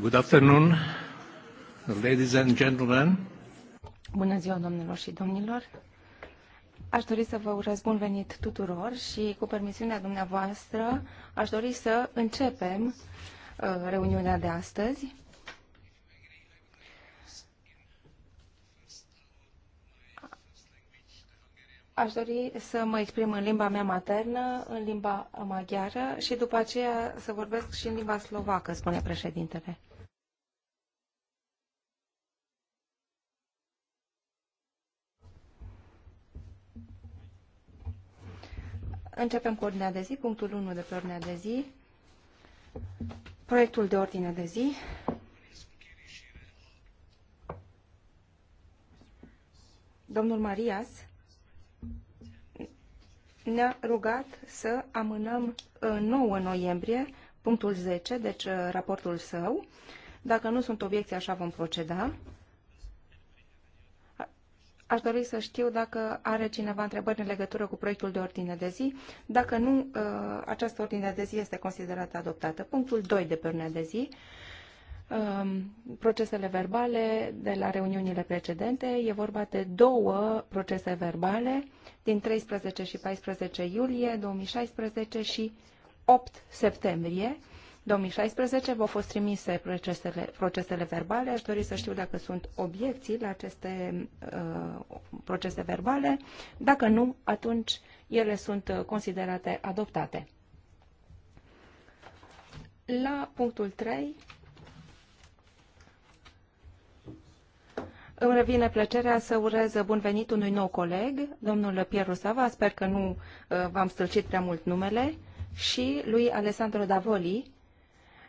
Good afternoon, ladies and gentlemen. Bună ziua, domnilor și domnilor. Aș dori să vă urez bun venit tuturor și, cu permisiunea dumneavoastră, aș dori să începem uh, reuniunea de astăzi. Aș dori să mă exprim în limba mea maternă, în limba maghiară și după aceea să vorbesc și în limba slovacă, spune președintele. Începem cu ordinea de zi, punctul 1 de pe ordinea de zi, proiectul de ordine de zi. Domnul Marias ne-a rugat să amânăm 9 uh, noiembrie punctul 10, deci uh, raportul său. Dacă nu sunt obiecții, așa vom proceda. Aș dori să știu dacă are cineva întrebări în legătură cu proiectul de ordine de zi. Dacă nu, uh, această ordine de zi este considerată adoptată. Punctul 2 de pe ordine de zi, um, procesele verbale de la reuniunile precedente. E vorba de două procese verbale din 13 și 14 iulie 2016 și 8 septembrie 2016. V-au fost trimise procesele, procesele verbale. Aș dori să știu dacă sunt obiecții la aceste uh, procese verbale. Dacă nu, atunci ele sunt considerate adoptate. La punctul 3, Îmi revine plăcerea să urez bun venit unui nou coleg, domnul Pierru Sava, sper că nu uh, v-am stâlcit prea mult numele, și lui Alessandro Davoli,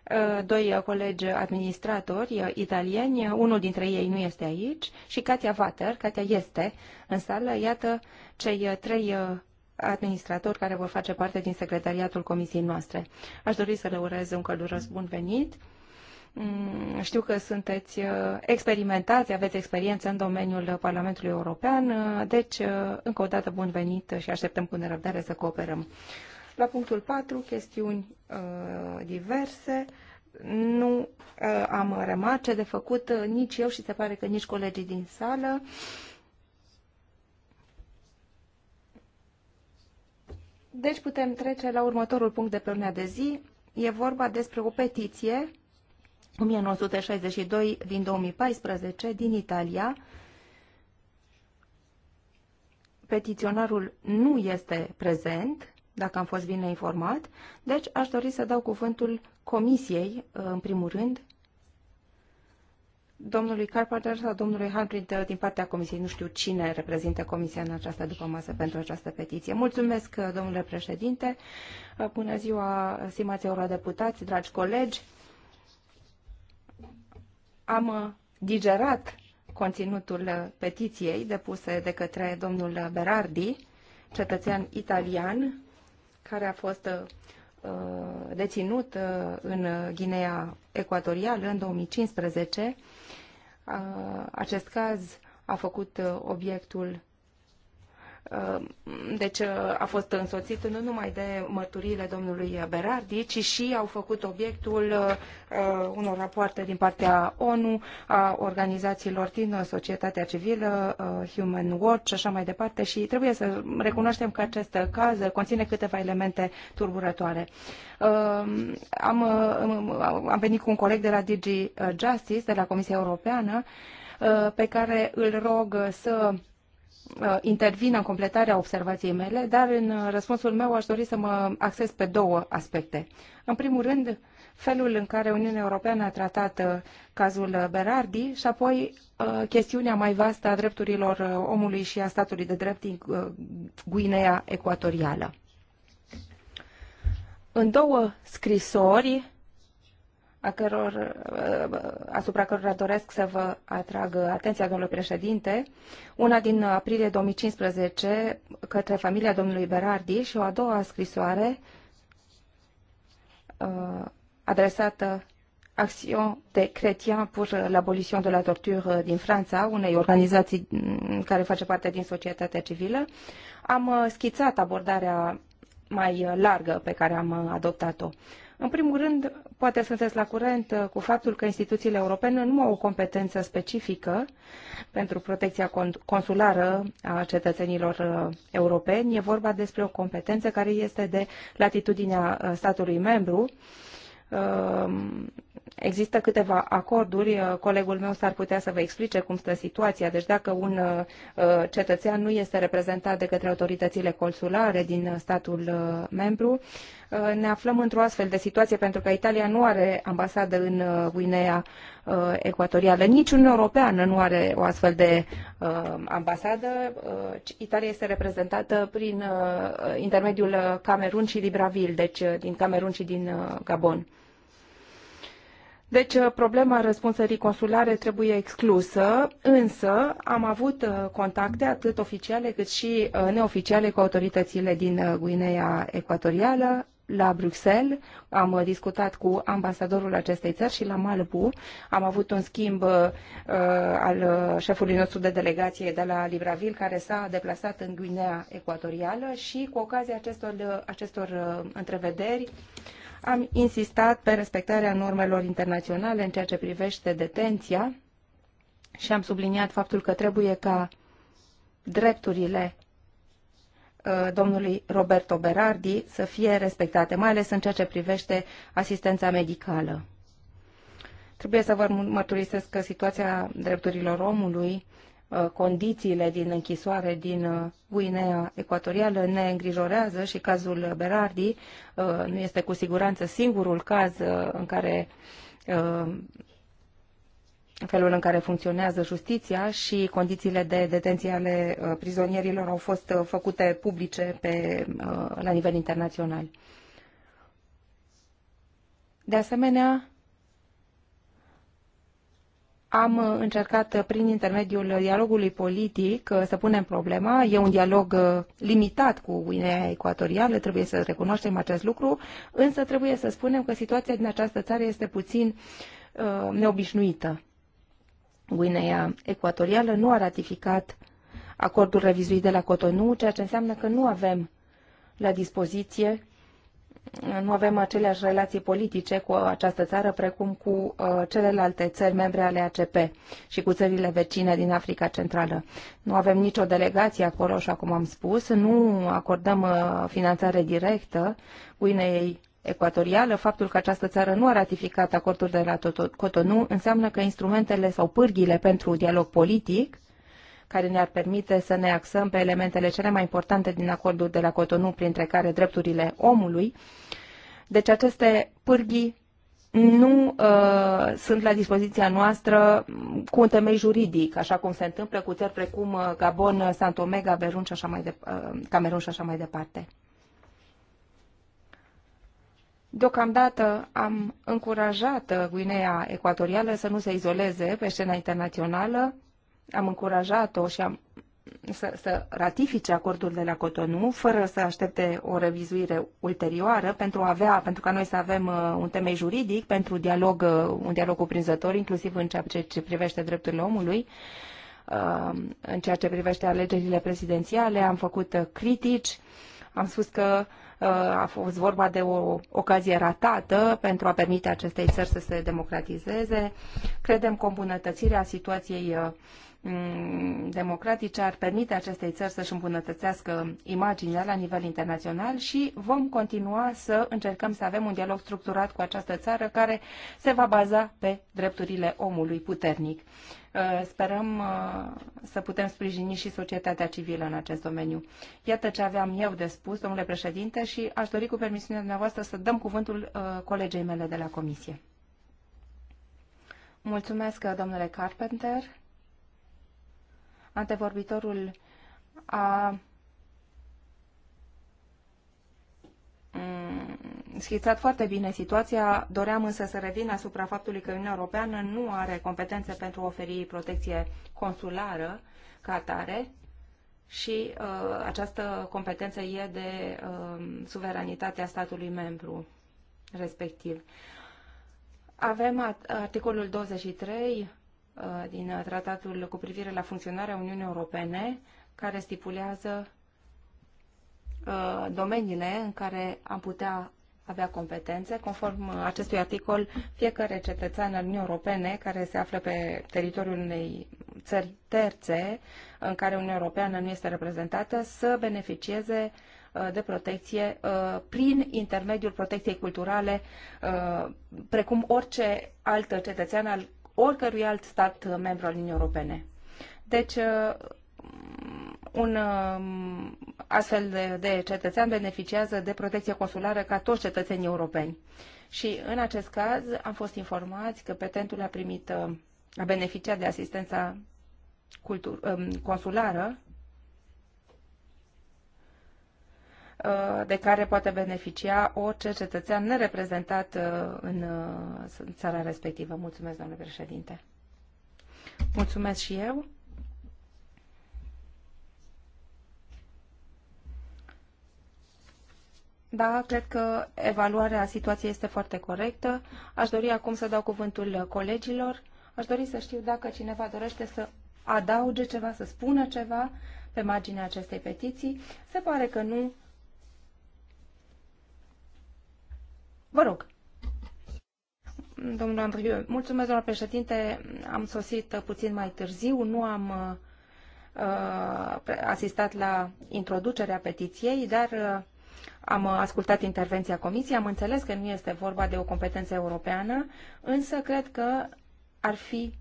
Uh, doi uh, colegi administratori uh, italieni, unul dintre ei nu este aici, și Katia Vater, Katia este în sală, iată cei trei administratori care vor face parte din secretariatul comisiei noastre. Aș dori să le urez un călduros bun venit. Mm, știu că sunteți experimentați, aveți experiență în domeniul Parlamentului European, deci, încă o dată, bun venit și așteptăm cu nerăbdare să cooperăm. La punctul 4, chestiuni uh, diverse, nu uh, am remarce de făcut uh, nici eu și se pare că nici colegii din sală. Deci putem trece la următorul punct de pe urmea de zi. E vorba despre o petiție 1962 din 2014 din Italia. Petiționarul nu este prezent dacă am fost bine informat. Deci aș dori să dau cuvântul comisiei, în primul rând, domnului Carpenter sau domnului Hamprint din partea comisiei. Nu știu cine reprezintă comisia în această după masă pentru această petiție. Mulțumesc, domnule președinte. Bună ziua, stimați eurodeputați, dragi colegi. Am digerat conținutul petiției depuse de către domnul Berardi, cetățean italian, care a fost uh, deținut uh, în Guinea Ecuatorială în 2015. Uh, acest caz a făcut obiectul Ehm, deci eh, a fost însoțit nu numai de mărturiile domnului Berardi, ci și au făcut obiectul eh, unor rapoarte din partea ONU, a organizațiilor din societatea civilă, eh, Human Watch și așa mai departe și trebuie să recunoaștem că acest caz conține câteva elemente turburătoare. Ehm, am, am venit cu un coleg de la DG Justice, de la Comisia Europeană, pe care îl rog să Uh, intervin în completarea observației mele, dar în uh, răspunsul meu aș dori să mă acces pe două aspecte. În primul rând, felul în care Uniunea Europeană a tratat uh, cazul Berardi și apoi chestiunea mai vastă a drepturilor omului și a statului de drept din Guinea Ecuatorială. În două scrisori a căror, uh, asupra cărora doresc să vă atrag atenția, domnule președinte. Una din aprilie 2015 către familia domnului Berardi și o a doua scrisoare uh, adresată Action de Chrétien pour l'abolition de la torture din Franța, unei organizații mm, care face parte din societatea civilă, am uh, schițat abordarea mai largă pe care am adoptat-o. În primul rând, poate sunteți la curent uh, cu faptul că instituțiile europene nu au o competență specifică pentru protecția consulară a cetățenilor uh, europeni. E vorba despre o competență care este de latitudinea uh, statului membru. Um, există câteva acorduri, colegul meu s-ar putea să vă explice cum stă situația. Deci dacă un cetățean nu este reprezentat de către autoritățile consulare din statul membru, Uh, ne aflăm într-o astfel de situație pentru că Italia nu are ambasadă în uh, Guinea uh, Ecuatorială. Nici Uniunea Europeană nu are o astfel de ambasadă. Italia este reprezentată prin intermediul Camerun și Libreville, deci din Camerun și din Gabon. Deci problema răspunsării consulare trebuie exclusă, însă am avut contacte atât oficiale cât și neoficiale cu autoritățile din Guinea Ecuatorială la Bruxelles, am uh, discutat cu ambasadorul acestei țări și la Malbu am avut un schimb uh, al uh, șefului nostru de delegație de la Libreville care s-a deplasat în Guinea Ecuatorială și cu ocazia acestor, uh, acestor întrevederi am insistat pe respectarea normelor internaționale în ceea ce privește detenția și am subliniat faptul că trebuie ca drepturile Uh, domnului Roberto Berardi să fie respectate, mai ales în ceea ce privește asistența medicală. Trebuie să vă mărturisesc că situația drepturilor omului, uh, condițiile din închisoare din uh, Guinea Ecuatorială ne îngrijorează și cazul Berardi nu este cu siguranță singurul caz în care felul în care funcționează justiția și condițiile de detenție ale uh, prizonierilor au fost uh, făcute publice pe, uh, la nivel internațional. De asemenea, am încercat prin intermediul dialogului politic să punem problema. E un dialog limitat cu Guinea Ecuatorială, trebuie să recunoaștem acest lucru, însă trebuie să spunem că situația din această țară este puțin uh, neobișnuită. Guinea Ecuatorială nu a ratificat acordul revizuit de la Cotonou, ceea ce înseamnă că nu avem la dispoziție, nu avem aceleași relații politice cu această țară precum cu uh, celelalte țări membre ale ACP și cu țările vecine din Africa Centrală. Nu avem nicio delegație acolo, așa cum am spus, nu acordăm uh, finanțare directă Guineei ecuatorială, faptul că această țară nu a ratificat acordul de la Cotonou înseamnă că instrumentele sau pârghile pentru dialog politic care ne-ar permite să ne axăm pe elementele cele mai importante din acordul de la Cotonou, printre care drepturile omului. Deci aceste pârghii nu uh, sunt la dispoziția noastră cu un temei juridic, așa cum se întâmplă cu țări precum uh, Gabon, Santome, Gaberun și așa mai de, uh, Camerun și așa mai departe. Deocamdată am încurajat Guinea Ecuatorială să nu se izoleze pe scena internațională, am încurajat-o și am să, să ratifice acordul de la Cotonou, fără să aștepte o revizuire ulterioară, pentru, a avea, pentru ca noi să avem uh, un temei juridic pentru dialog, uh, un dialog cuprinzător, inclusiv în ceea ce privește drepturile omului. Uh, în ceea ce privește alegerile prezidențiale, am făcut critici, am spus că Uh, a fost vorba de o ocazie ratată pentru a permite acestei țări să se democratizeze. Credem că îmbunătățirea situației uh, Mm, democratice ar permite acestei țări să-și îmbunătățească imaginea la nivel internațional și vom continua să încercăm să avem un dialog structurat cu această țară care se va baza pe drepturile omului puternic. Uh, sperăm uh, să putem sprijini și societatea civilă în acest domeniu. Iată ce aveam eu de spus, domnule președinte, și aș dori cu permisiunea dumneavoastră să dăm cuvântul uh, colegei mele de la Comisie. Mulțumesc, domnule Carpenter. Antevorbitorul a mm, schițat foarte bine situația, doream însă să revin asupra faptului că Uniunea Europeană nu are competențe pentru a oferi protecție consulară ca atare și uh, această competență e de uh, suveranitatea statului membru respectiv. Avem articolul 23 Uh, din tratatul cu privire la funcționarea Uniunii Europene, care stipulează uh, domeniile în care am putea avea competențe. Conform uh, acestui articol, fiecare cetățean al Uniunii Europene care se află pe teritoriul unei țări terțe în care Uniunea Europeană nu este reprezentată să beneficieze de protecție prin intermediul protecției culturale, precum orice alt cetățean al oricărui alt stat uh, membru al Uniunii Europene. Deci, uh, un uh, astfel de, de cetățean beneficiază de protecție consulară ca toți cetățenii europeni. Și în acest caz am fost informați că petentul a primit, a beneficiat de asistența cultur, um, consulară Uh, de care poate beneficia orice cetățean nereprezentat uh, uh, în țara respectivă. Mulțumesc, domnule președinte. Mulțumesc și eu. Da, cred că evaluarea situației este foarte corectă. Aș dori acum să dau cuvântul colegilor. Aș dori să știu dacă cineva dorește să adauge ceva, să spună ceva pe marginea acestei petiții. Se pare că nu, Vă rog. Domnul Andriu, mulțumesc, doamna președinte. Am sosit puțin mai târziu, nu am uh, asistat la introducerea petiției, dar uh, am ascultat intervenția Comisiei, am înțeles că nu este vorba de o competență europeană, însă cred că ar fi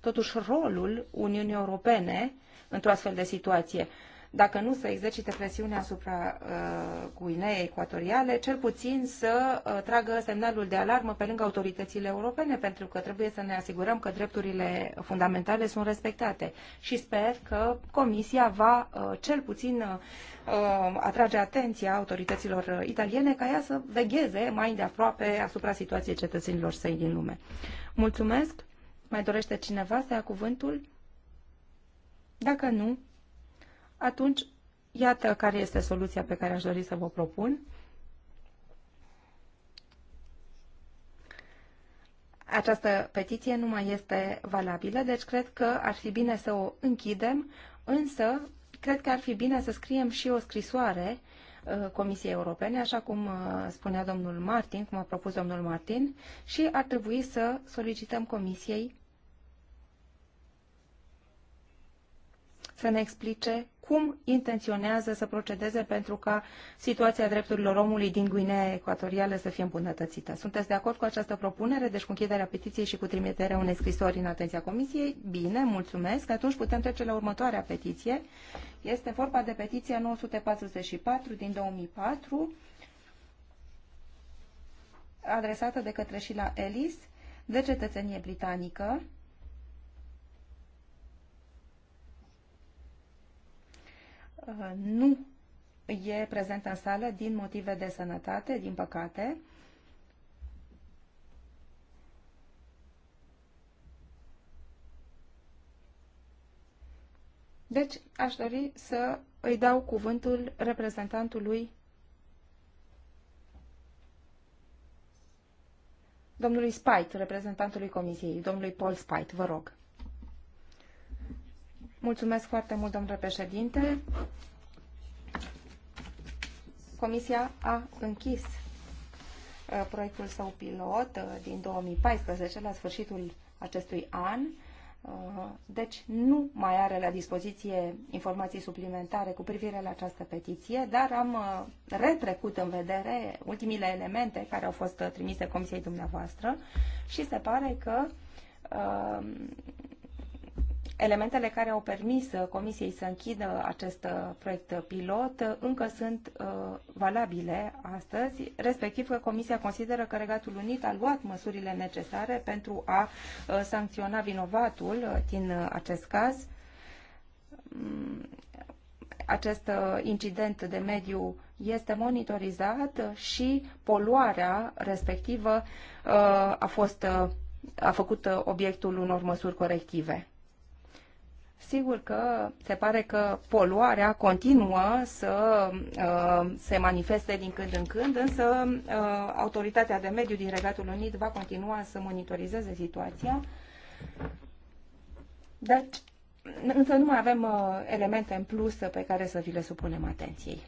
totuși rolul Uniunii Europene într-o astfel de situație dacă nu să exercite presiunea asupra uh, Guineei Ecuatoriale, cel puțin să uh, tragă semnalul de alarmă pe lângă autoritățile europene, pentru că trebuie să ne asigurăm că drepturile fundamentale sunt respectate. Și sper că Comisia va uh, cel puțin atrage atenția autorităților italiene ca ea să vegheze mai de aproape asupra situației cetățenilor săi din lume. Mulțumesc! Mai dorește cineva să ia cuvântul? Dacă nu, atunci iată care este soluția pe care aș dori să vă propun. Această petiție nu mai este valabilă, deci cred că ar fi bine să o închidem, însă cred că ar fi bine să scriem și o scrisoare uh, Comisiei Europene, așa cum uh, spunea domnul Martin, cum a propus domnul Martin, și ar trebui să solicităm Comisiei să ne explice cum intenționează să procedeze pentru ca situația drepturilor omului din Guinea Ecuatorială să fie îmbunătățită. Sunteți de acord cu această propunere, deci cu închiderea petiției și cu trimiterea unei scrisori în atenția Comisiei? Bine, mulțumesc. Atunci putem trece la următoarea petiție. Este vorba de petiția 944 din 2004, adresată de către la Ellis, de cetățenie britanică, Uh, nu e prezentă în sală din motive de sănătate, din păcate. Deci, aș dori să îi dau cuvântul reprezentantului domnului Spite, reprezentantului Comisiei, domnului Paul Spite, vă rog. Mulțumesc foarte mult, domnule președinte. Comisia a închis uh, proiectul său pilot uh, din 2014, la sfârșitul acestui an. Uh, deci nu mai are la dispoziție informații suplimentare cu privire la această petiție, dar am retrecut în vedere ultimile elemente care au fost trimise Comisiei dumneavoastră și se pare că elementele care au permis uh, Comisiei să închidă acest uh, proiect pilot uh, încă sunt valabile astăzi, respectiv că Comisia consideră că Regatul Unit a luat măsurile necesare pentru a sancționa vinovatul din acest caz. Mm, acest incident de mediu este monitorizat și poluarea respectivă a fost a făcut obiectul unor măsuri corective. Sigur că se pare că poluarea continuă să uh, se manifeste din când în când, însă uh, Autoritatea de Mediu din Regatul Unit va continua să monitorizeze situația. Deci, însă nu mai avem uh, elemente în plus pe care să vi le supunem atenției.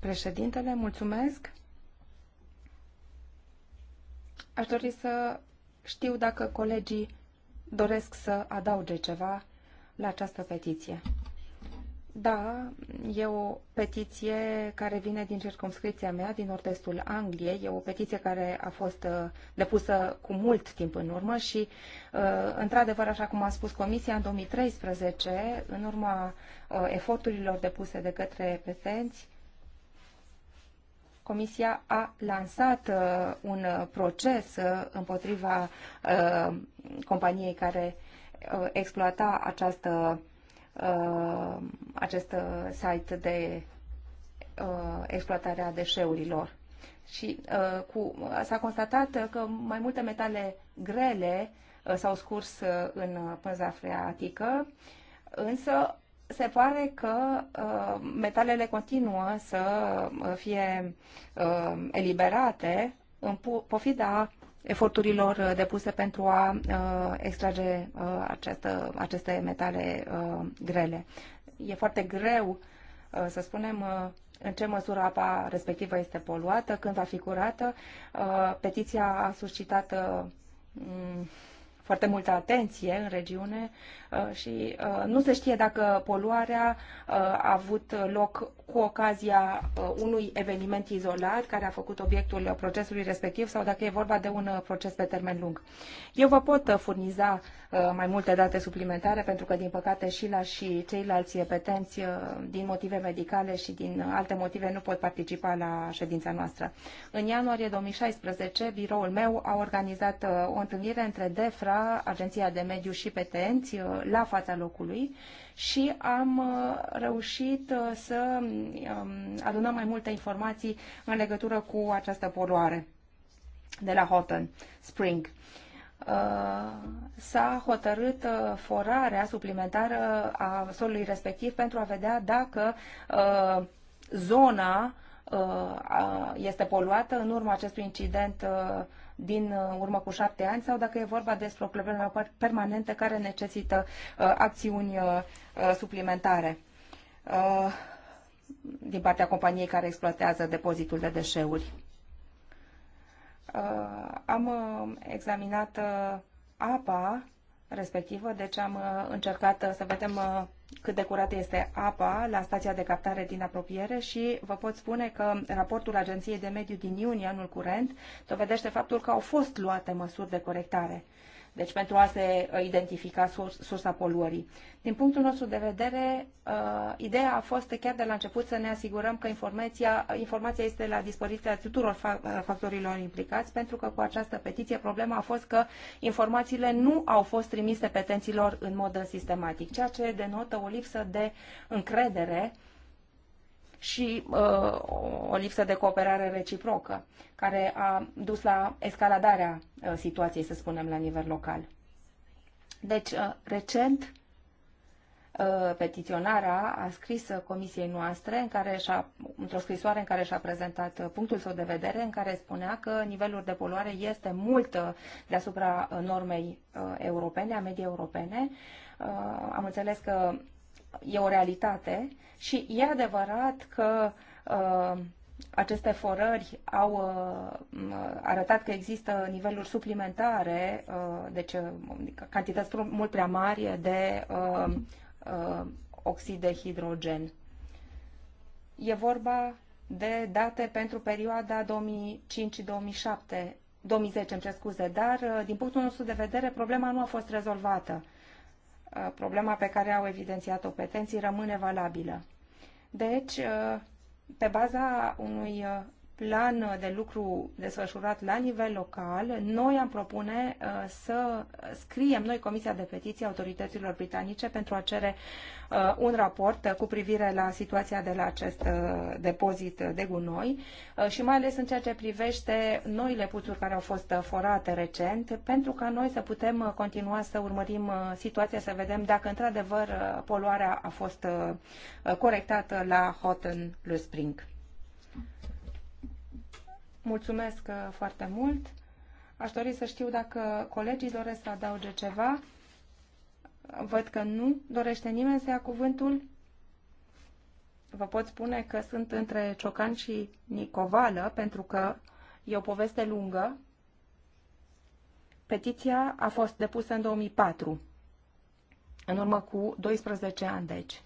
Președintele, mulțumesc. Aș dori să știu dacă colegii doresc să adauge ceva la această petiție. Da, e o petiție care vine din circumscripția mea, din nord-estul Angliei. E o petiție care a fost uh, depusă cu mult timp în urmă și, uh, într-adevăr, așa cum a spus Comisia, în 2013, în urma uh, eforturilor depuse de către petenți, Comisia a lansat uh, un uh, proces uh, împotriva companiei care exploata această, acest site de exploatare a deșeurilor. Și cu, s-a constatat că mai multe metale grele s-au scurs în pânza freatică, însă se pare că uh, metalele continuă să uh, fie uh, eliberate în pofida eforturilor uh, depuse pentru a uh, extrage uh, această, aceste metale uh, grele. E foarte greu uh, să spunem uh, în ce măsură apa respectivă este poluată, când va fi curată. Uh, petiția a suscitat uh, foarte multă atenție în regiune uh, și uh, nu se știe dacă poluarea uh, a avut loc cu ocazia unui eveniment izolat care a făcut obiectul procesului respectiv sau dacă e vorba de un proces pe termen lung. Eu vă pot furniza mai multe date suplimentare pentru că, din păcate, și la și ceilalți petenți din motive medicale și din alte motive nu pot participa la ședința noastră. În ianuarie 2016, biroul meu a organizat o întâlnire între DEFRA Agenția, Agenția de Mediu și Petenți uh, la fața locului și am uh, reușit uh, să um, adunăm mai multe informații în legătură cu această poluare de la Houghton Spring s-a hotărât forarea suplimentară a solului respectiv pentru a vedea dacă zona este poluată în urma acestui incident din uh, urmă cu șapte ani sau dacă e vorba despre o problemă permanentă care necesită uh, acțiuni uh, suplimentare din partea companiei care exploatează depozitul de deșeuri. Am examinat apa respectivă, deci am încercat să vedem cât de curată este apa la stația de captare din apropiere și vă pot spune că raportul Agenției de Mediu din iunie anul curent dovedește faptul că au fost luate măsuri de corectare deci pentru a se uh, identifica sursa poluării. Din punctul nostru de vedere, uh, ideea a fost chiar de la început să ne asigurăm că informația, informația este la dispoziția tuturor uh, factorilor implicați, pentru că cu această petiție problema a fost că informațiile nu au fost trimise petenților în mod sistematic, ceea ce denotă o lipsă de încredere și uh, o lipsă de cooperare reciprocă, care a dus la escaladarea uh, situației, să spunem, la nivel local. Deci, uh, recent, uh, petiționara a scris uh, comisiei noastre în care și-a, într-o scrisoare în care și-a prezentat uh, punctul său de vedere, în care spunea că nivelul de poluare este mult deasupra normei europene, a mediei europene. Am înțeles că e o realitate și e adevărat că uh, aceste forări au uh, arătat că există niveluri suplimentare, uh, deci uh, adică cantități mult prea mari de uh, uh, oxid de hidrogen. E vorba de date pentru perioada 2005-2007, 2010, îmi scuze, dar uh, din punctul nostru de vedere problema nu a fost rezolvată. Uh, problema pe care au evidențiat-o petenții rămâne valabilă. Deci, uh, pe baza unui uh, plan de lucru desfășurat la nivel local, noi am propune uh, să scriem noi Comisia de Petiții autorităților britanice pentru a cere uh, un raport cu privire la situația de la acest uh, depozit de gunoi și mai ales în ceea ce privește noile puțuri care au fost forate recent, pentru ca noi să putem continua să urmărim situația, să vedem dacă într-adevăr poluarea a fost corectată la Houghton Spring. Mulțumesc uh, foarte mult. Aș dori să știu dacă colegii doresc să adauge ceva. Văd că nu dorește nimeni să ia cuvântul. Vă pot spune că sunt între Ciocan și Nicovală, pentru că e o poveste lungă. Petiția a fost depusă în 2004, în urmă cu 12 ani, deci.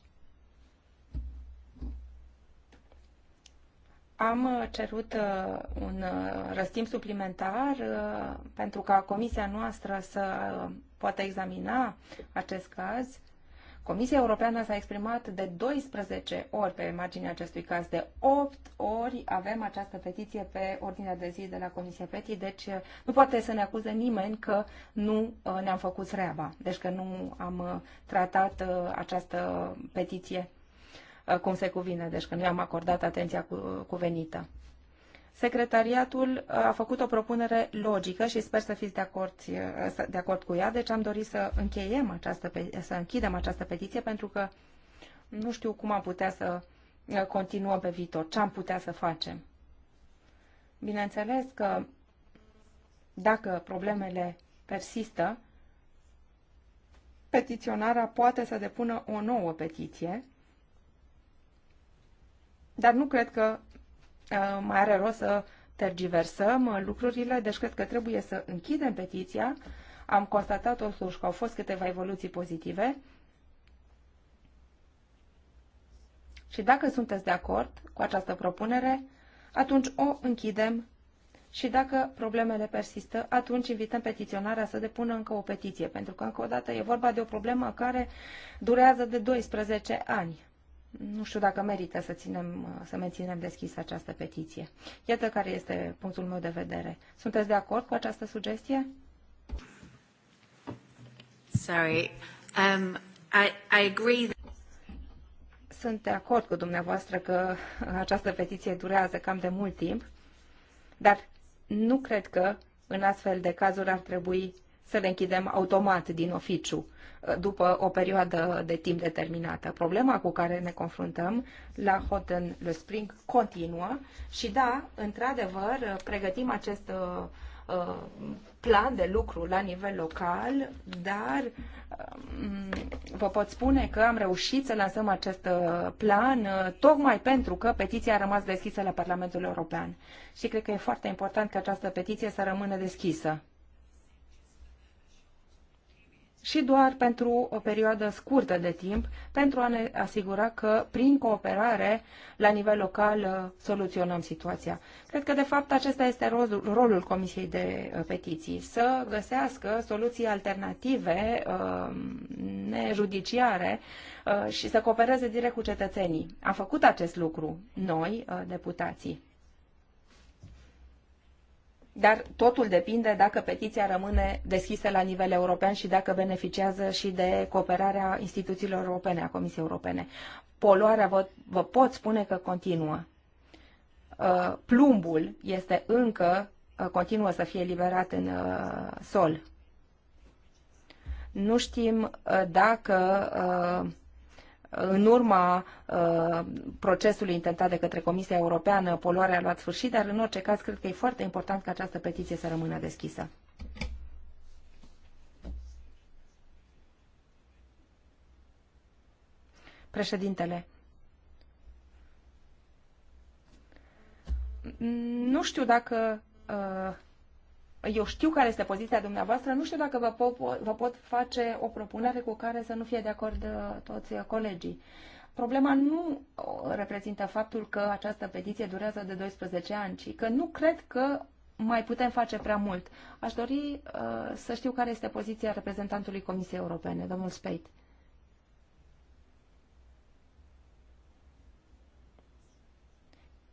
Am uh, cerut uh, un uh, răstimp suplimentar pentru ca comisia noastră să poată examina acest caz. Comisia Europeană s-a exprimat de 12 ori pe marginea acestui caz, de 8 ori avem această petiție pe ordinea de zi de la Comisia Petii, deci nu poate să ne acuze nimeni că nu ne-am făcut treaba, deci că nu am tratat această petiție Uh, cum se cuvine, deci că nu i-am acordat atenția cuvenită. Secretariatul uh, a făcut o propunere logică și sper să fiți de acord, uh, de acord cu ea, deci am dorit să încheiem această, să închidem această petiție pentru că nu știu cum am putea să continuăm pe viitor, ce am putea să facem. Bineînțeles că dacă problemele persistă, petiționarea poate să depună o nouă petiție dar nu cred că uh, mai are rost să tergiversăm uh, lucrurile, deci cred că trebuie să închidem petiția. Am constatat totuși că au fost câteva evoluții pozitive. Și dacă sunteți de acord cu această propunere, atunci o închidem și dacă problemele persistă, atunci invităm petiționarea să depună încă o petiție, pentru că încă o dată e vorba de o problemă care durează de 12 ani nu știu dacă merită să, ținem, să menținem deschis această petiție. Iată care este punctul meu de vedere. Sunteți de acord cu această sugestie? Sorry. Um, I, I agree that... Sunt de acord cu dumneavoastră că această petiție durează cam de mult timp, dar nu cred că în astfel de cazuri ar trebui să le închidem automat din oficiu uh, după o perioadă de timp determinată. Problema cu care ne confruntăm la Hotel Le Spring continuă și da, într-adevăr, uh, pregătim acest uh, uh, plan de lucru la nivel local, dar um, vă pot spune că am reușit să lansăm acest plan uh, tocmai pentru că petiția a rămas deschisă la Parlamentul European. Și cred că e foarte important ca această petiție să rămână deschisă și doar pentru o perioadă scurtă de timp, pentru a ne asigura că, prin cooperare, la nivel local, uh, soluționăm situația. Cred că, de fapt, acesta este rolul Comisiei de uh, Petiții, să găsească soluții alternative, uh, nejudiciare și să coopereze direct cu cetățenii. Am făcut acest lucru noi, deputații dar totul depinde dacă petiția rămâne deschisă la nivel european și dacă beneficiază și de cooperarea instituțiilor europene, a Comisiei Europene. Poluarea, vă, vă pot spune că continuă. Uh, plumbul este încă, uh, continuă să fie liberat în uh, sol. Nu știm dacă în urma uh, procesului intentat de către Comisia Europeană, poluarea a luat sfârșit, dar în orice caz cred că e foarte important ca această petiție să rămână deschisă. Președintele, nu știu dacă uh, eu știu care este poziția dumneavoastră, nu știu dacă vă pot, vă pot face o propunere cu care să nu fie de acord uh, toți colegii. Problema nu reprezintă faptul că această petiție durează de 12 ani, ci că nu cred că mai putem face prea mult. Aș dori uh, să știu care este poziția reprezentantului Comisiei Europene, domnul Speit.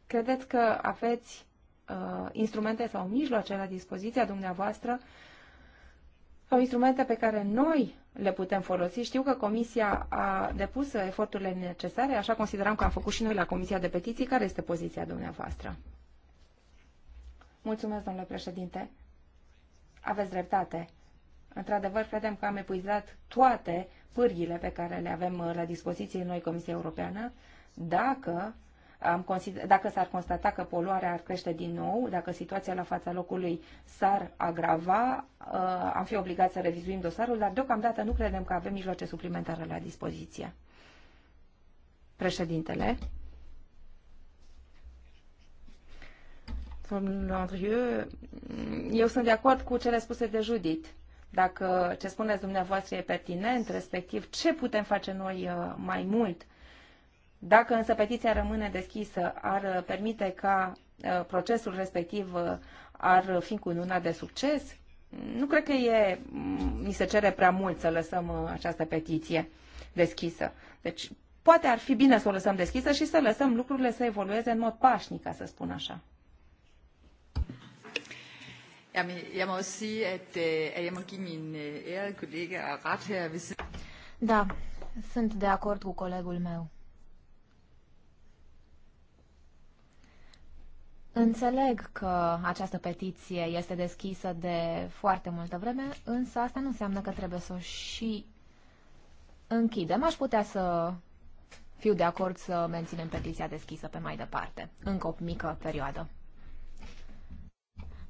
Credeți că aveți uh, instrumente sau mijloace la dispoziția dumneavoastră sau instrumente pe care noi le putem folosi. Știu că Comisia a depus eforturile necesare, așa considerăm că am făcut și noi la Comisia de Petiții. Care este poziția dumneavoastră? Mulțumesc, domnule președinte. Aveți dreptate. Într-adevăr, credem că am epuizat toate pârghile pe care le avem uh, la dispoziție noi, Comisia Europeană, dacă am dacă s-ar constata că poluarea ar crește din nou, dacă situația la fața locului s-ar agrava, uh, am fi obligat să revizuim dosarul, dar deocamdată nu credem că avem mijloace suplimentare la dispoziție. Președintele. eu sunt de acord cu cele spuse de Judith dacă ce spuneți dumneavoastră e pertinent, respectiv ce putem face noi uh, mai mult dacă însă petiția rămâne deschisă, ar permite ca uh, procesul respectiv uh, ar fi cu una de succes? Nu cred că e, mi mm, se cere prea mult să lăsăm uh, această petiție deschisă. Deci, poate ar fi bine să o lăsăm deschisă și să lăsăm lucrurile să evolueze în mod pașnic, ca să spun așa. Øh, øh, da, sunt de acord cu colegul meu. Înțeleg că această petiție este deschisă de foarte multă vreme, însă asta nu înseamnă că trebuie să o și închidem. Aș putea să fiu de acord să menținem petiția deschisă pe mai departe, încă o mică perioadă.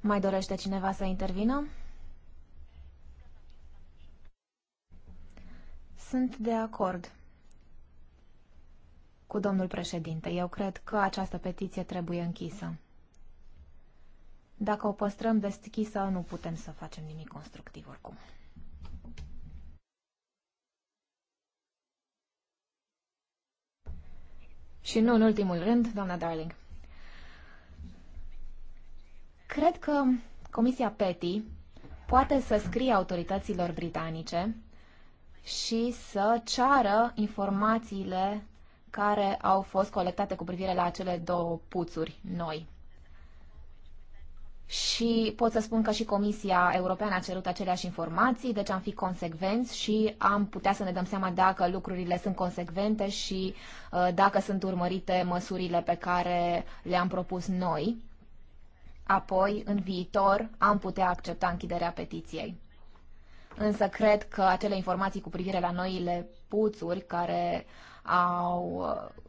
Mai dorește cineva să intervină? Sunt de acord cu domnul președinte. Eu cred că această petiție trebuie închisă. Dacă o păstrăm deschisă, nu putem să facem nimic constructiv oricum. Și nu în ultimul rând, doamna Darling. Cred că Comisia PETI poate să scrie autorităților britanice și să ceară informațiile care au fost colectate cu privire la acele două puțuri noi și pot să spun că și Comisia Europeană a cerut aceleași informații, deci am fi consecvenți și am putea să ne dăm seama dacă lucrurile sunt consecvente și uh, dacă sunt urmărite măsurile pe care le-am propus noi. Apoi, în viitor, am putea accepta închiderea petiției. Însă cred că acele informații cu privire la noile puțuri care au uh,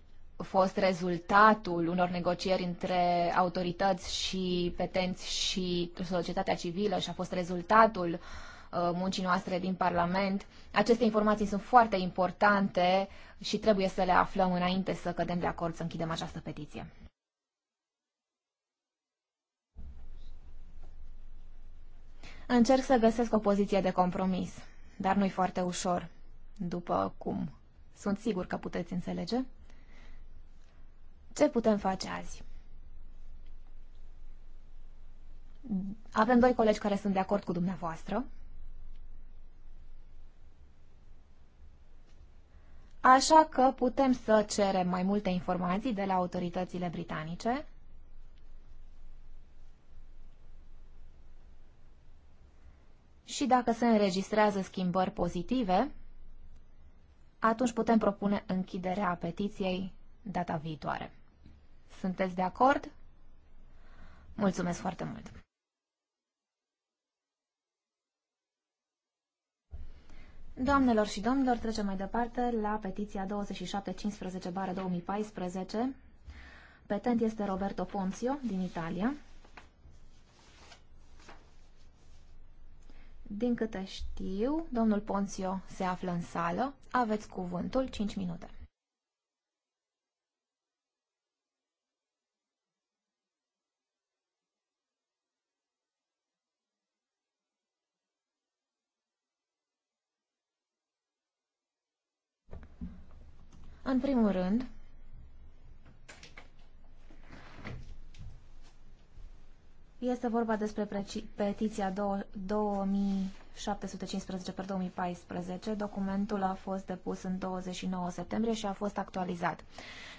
fost rezultatul unor negocieri între autorități și petenți și societatea civilă și a fost rezultatul uh, muncii noastre din Parlament. Aceste informații sunt foarte importante și trebuie să le aflăm înainte să cădem de acord să închidem această petiție. Încerc să găsesc o poziție de compromis, dar nu-i foarte ușor, după cum sunt sigur că puteți înțelege. Ce putem face azi? Avem doi colegi care sunt de acord cu dumneavoastră. Așa că putem să cerem mai multe informații de la autoritățile britanice. Și dacă se înregistrează schimbări pozitive, atunci putem propune închiderea petiției data viitoare. Sunteți de acord? Mulțumesc foarte mult! Doamnelor și domnilor, trecem mai departe la petiția 2715 2014. Petent este Roberto Ponzio din Italia. Din câte știu, domnul Ponzio se află în sală. Aveți cuvântul 5 minute. În primul rând, este vorba despre petiția 2715 2014. Documentul a fost depus în 29 septembrie și a fost actualizat.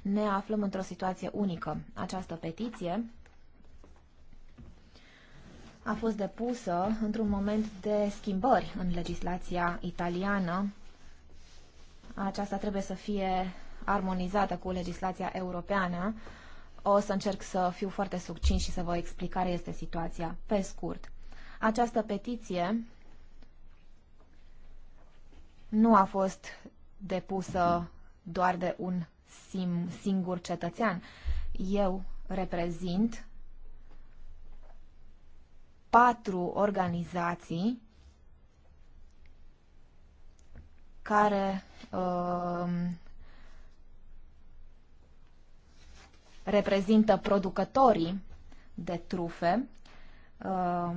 Ne aflăm într-o situație unică. Această petiție a fost depusă într-un moment de schimbări în legislația italiană aceasta trebuie să fie armonizată cu legislația europeană. O să încerc să fiu foarte succint și să vă explic care este situația pe scurt. Această petiție nu a fost depusă doar de un sim, singur cetățean. Eu reprezint patru organizații care um, reprezintă producătorii de trufe um,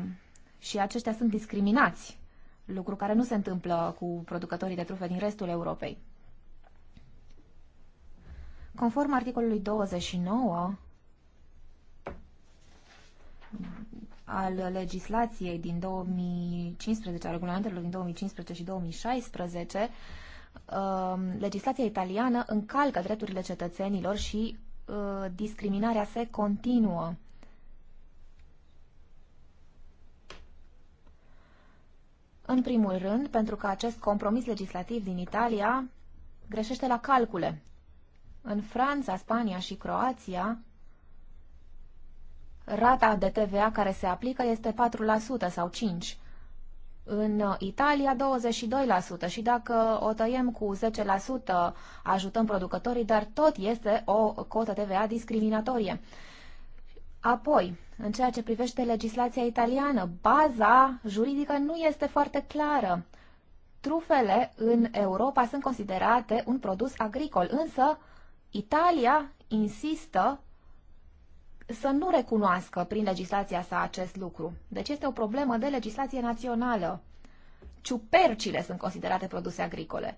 și aceștia sunt discriminați, lucru care nu se întâmplă cu producătorii de trufe din restul Europei. Conform articolului 29 al legislației din 2015, a regulamentelor din 2015 și 2016, um, legislația italiană încalcă drepturile cetățenilor și uh, discriminarea se continuă. În primul rând, pentru că acest compromis legislativ din Italia greșește la calcule. În Franța, Spania și Croația, Rata de TVA care se aplică este 4% sau 5%. În uh, Italia 22% și dacă o tăiem cu 10% ajutăm producătorii, dar tot este o cotă TVA discriminatorie. Apoi, în ceea ce privește legislația italiană, baza juridică nu este foarte clară. Trufele în Europa sunt considerate un produs agricol, însă Italia insistă să nu recunoască prin legislația sa acest lucru. Deci este o problemă de legislație națională. Ciupercile sunt considerate produse agricole.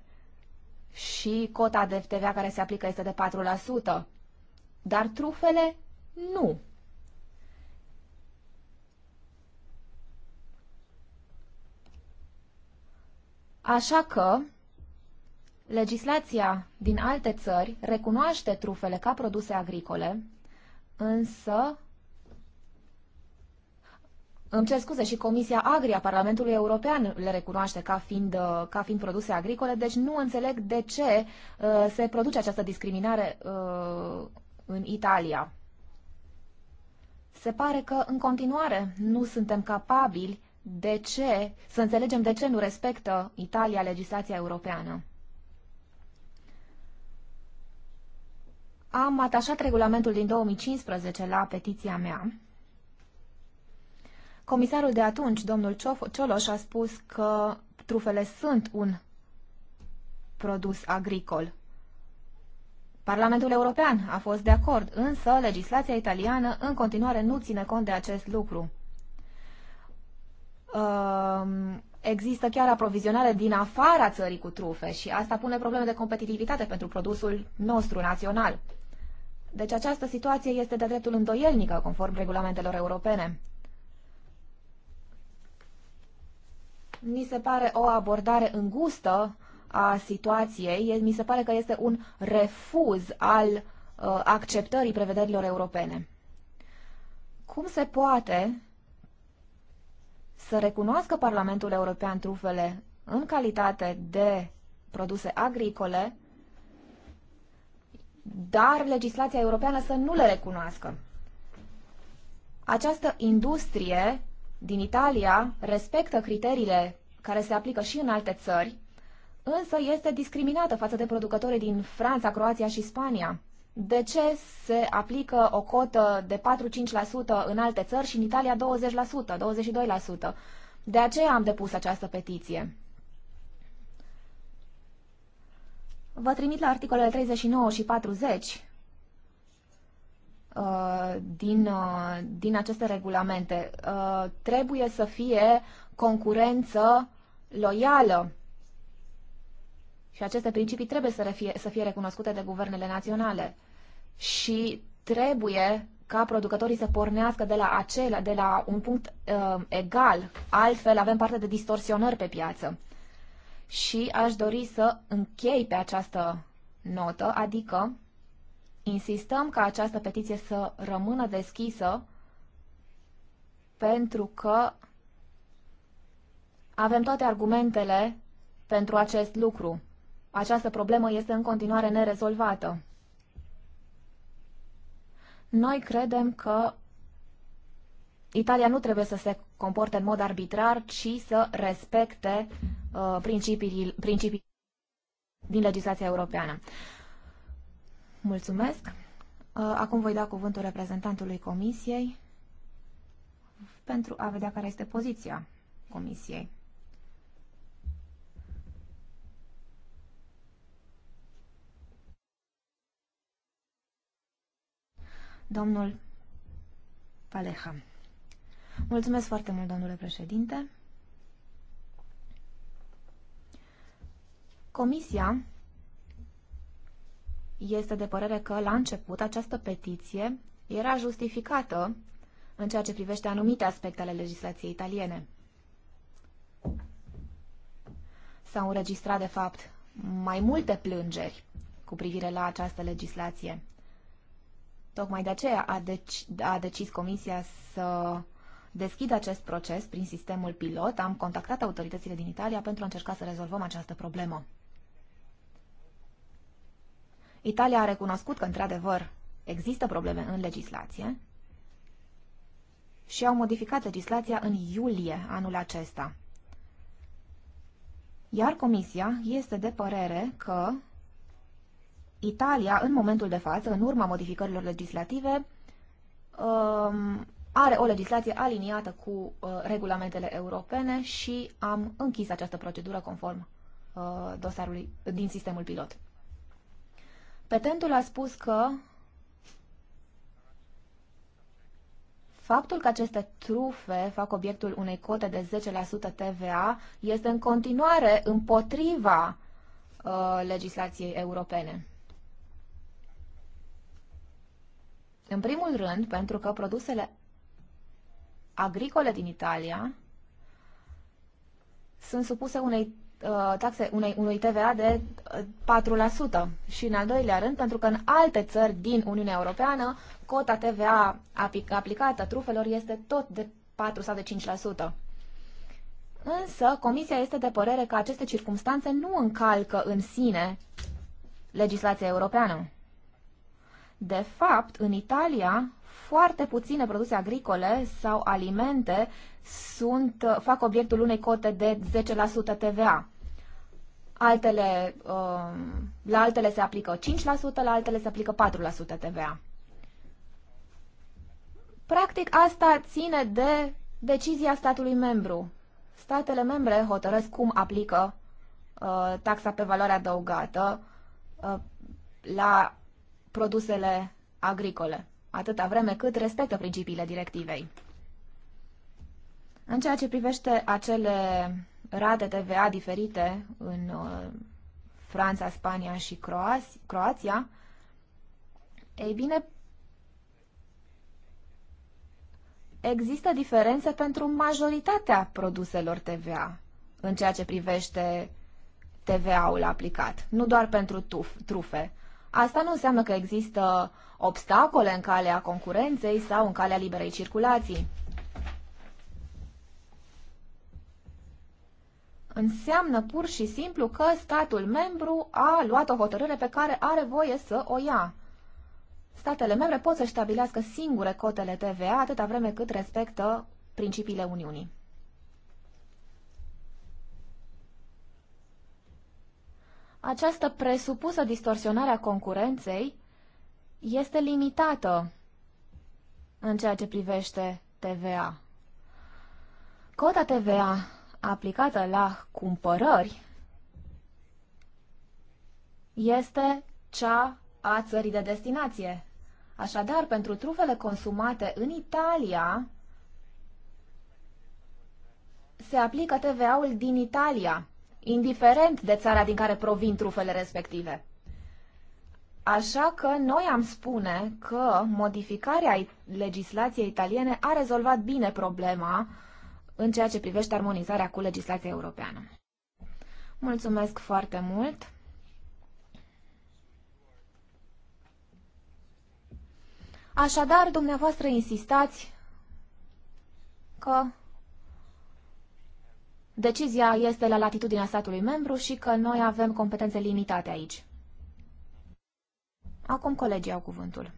Și cota de TVA care se aplică este de 4%. Dar trufele nu. Așa că legislația din alte țări recunoaște trufele ca produse agricole însă îmi cer scuze, și Comisia Agri a Parlamentului European le recunoaște ca fiind, uh, ca fiind produse agricole, deci nu înțeleg de ce uh, se produce această discriminare uh, în Italia. Se pare că în continuare nu suntem capabili de ce, să înțelegem de ce nu respectă Italia legislația europeană. am atașat regulamentul din 2015 la petiția mea. Comisarul de atunci, domnul Cioloș, a spus că trufele sunt un produs agricol. Parlamentul European a fost de acord, însă legislația italiană în continuare nu ține cont de acest lucru. Ehm, există chiar aprovizionare din afara țării cu trufe și asta pune probleme de competitivitate pentru produsul nostru național. Deci această situație este de dreptul îndoielnică conform regulamentelor europene. Mi se pare o abordare îngustă a situației, mi se pare că este un refuz al uh, acceptării prevederilor europene. Cum se poate să recunoască Parlamentul European trufele în calitate de produse agricole dar legislația europeană să nu le recunoască. Această industrie din Italia respectă criteriile care se aplică și în alte țări, însă este discriminată față de producătorii din Franța, Croația și Spania. De ce se aplică o cotă de 4-5% în alte țări și în Italia 20%, 22%? De aceea am depus această petiție. Vă trimit la articolele 39 și 40 uh, din, uh, din aceste regulamente. Uh, trebuie să fie concurență loială și aceste principii trebuie să fie, să fie recunoscute de guvernele naționale și trebuie ca producătorii să pornească de la acela, de la un punct uh, egal, altfel avem parte de distorsionări pe piață și aș dori să închei pe această notă, adică insistăm ca această petiție să rămână deschisă pentru că avem toate argumentele pentru acest lucru. Această problemă este în continuare nerezolvată. Noi credem că Italia nu trebuie să se comporte în mod arbitrar, ci să respecte Uh, principii, principii din legislația europeană. Mulțumesc. Uh, acum voi da cuvântul reprezentantului Comisiei pentru a vedea care este poziția Comisiei. Domnul Paleha. Mulțumesc foarte mult, domnule președinte. Comisia este de părere că, la început, această petiție era justificată în ceea ce privește anumite aspecte ale legislației italiene. S-au înregistrat, de fapt, mai multe plângeri cu privire la această legislație. Tocmai de aceea a, deci, a decis Comisia să deschidă acest proces prin sistemul pilot. Am contactat autoritățile din Italia pentru a încerca să rezolvăm această problemă. Italia a recunoscut că, într-adevăr, există probleme în legislație și au modificat legislația în iulie anul acesta. Iar Comisia este de părere că Italia, în momentul de față, în urma modificărilor legislative, um, are o legislație aliniată cu uh, regulamentele europene și am închis această procedură conform uh, dosarului din sistemul pilot. Petentul a spus că Faptul că aceste trufe fac obiectul unei cote de 10% TVA este în continuare împotriva uh, legislației europene. În primul rând, pentru că produsele agricole din Italia sunt supuse unei Uh, taxe unei, unui TVA de 4% uh, și în al doilea rând pentru că în alte țări din Uniunea Europeană cota TVA aplicată trufelor este tot de 4 sau de 5%. Însă, Comisia este de părere că aceste circumstanțe nu încalcă în sine legislația europeană. De fapt, în Italia, foarte puține produse agricole sau alimente sunt, uh, fac obiectul unei cote de 10% TVA altele, um, la altele se aplică 5%, la altele se aplică 4% TVA. Practic, asta ține de decizia statului membru. Statele membre hotărăsc cum aplică uh, taxa pe valoare adăugată uh, la produsele agricole, atâta vreme cât respectă principiile directivei. În ceea ce privește acele rate TVA diferite în uh, Franța, Spania și Croația, ei bine, există diferențe pentru majoritatea produselor TVA în ceea ce privește TVA-ul aplicat, nu doar pentru tuf, trufe. Asta nu înseamnă că există obstacole în calea concurenței sau în calea liberei circulații. Înseamnă pur și simplu că statul membru a luat o hotărâre pe care are voie să o ia. Statele membre pot să stabilească singure cotele TVA atâta vreme cât respectă principiile Uniunii. Această presupusă distorsionare a concurenței este limitată în ceea ce privește TVA. Cota TVA aplicată la cumpărări este cea a țării de destinație. Așadar, pentru trufele consumate în Italia, se aplică TVA-ul din Italia, indiferent de țara din care provin trufele respective. Așa că noi am spune că modificarea legislației italiene a rezolvat bine problema uh, în ceea ce privește armonizarea cu legislația europeană. Mulțumesc foarte mult! Așadar, dumneavoastră insistați că decizia este la latitudinea statului membru și că noi avem competențe limitate aici. Acum colegii au cuvântul.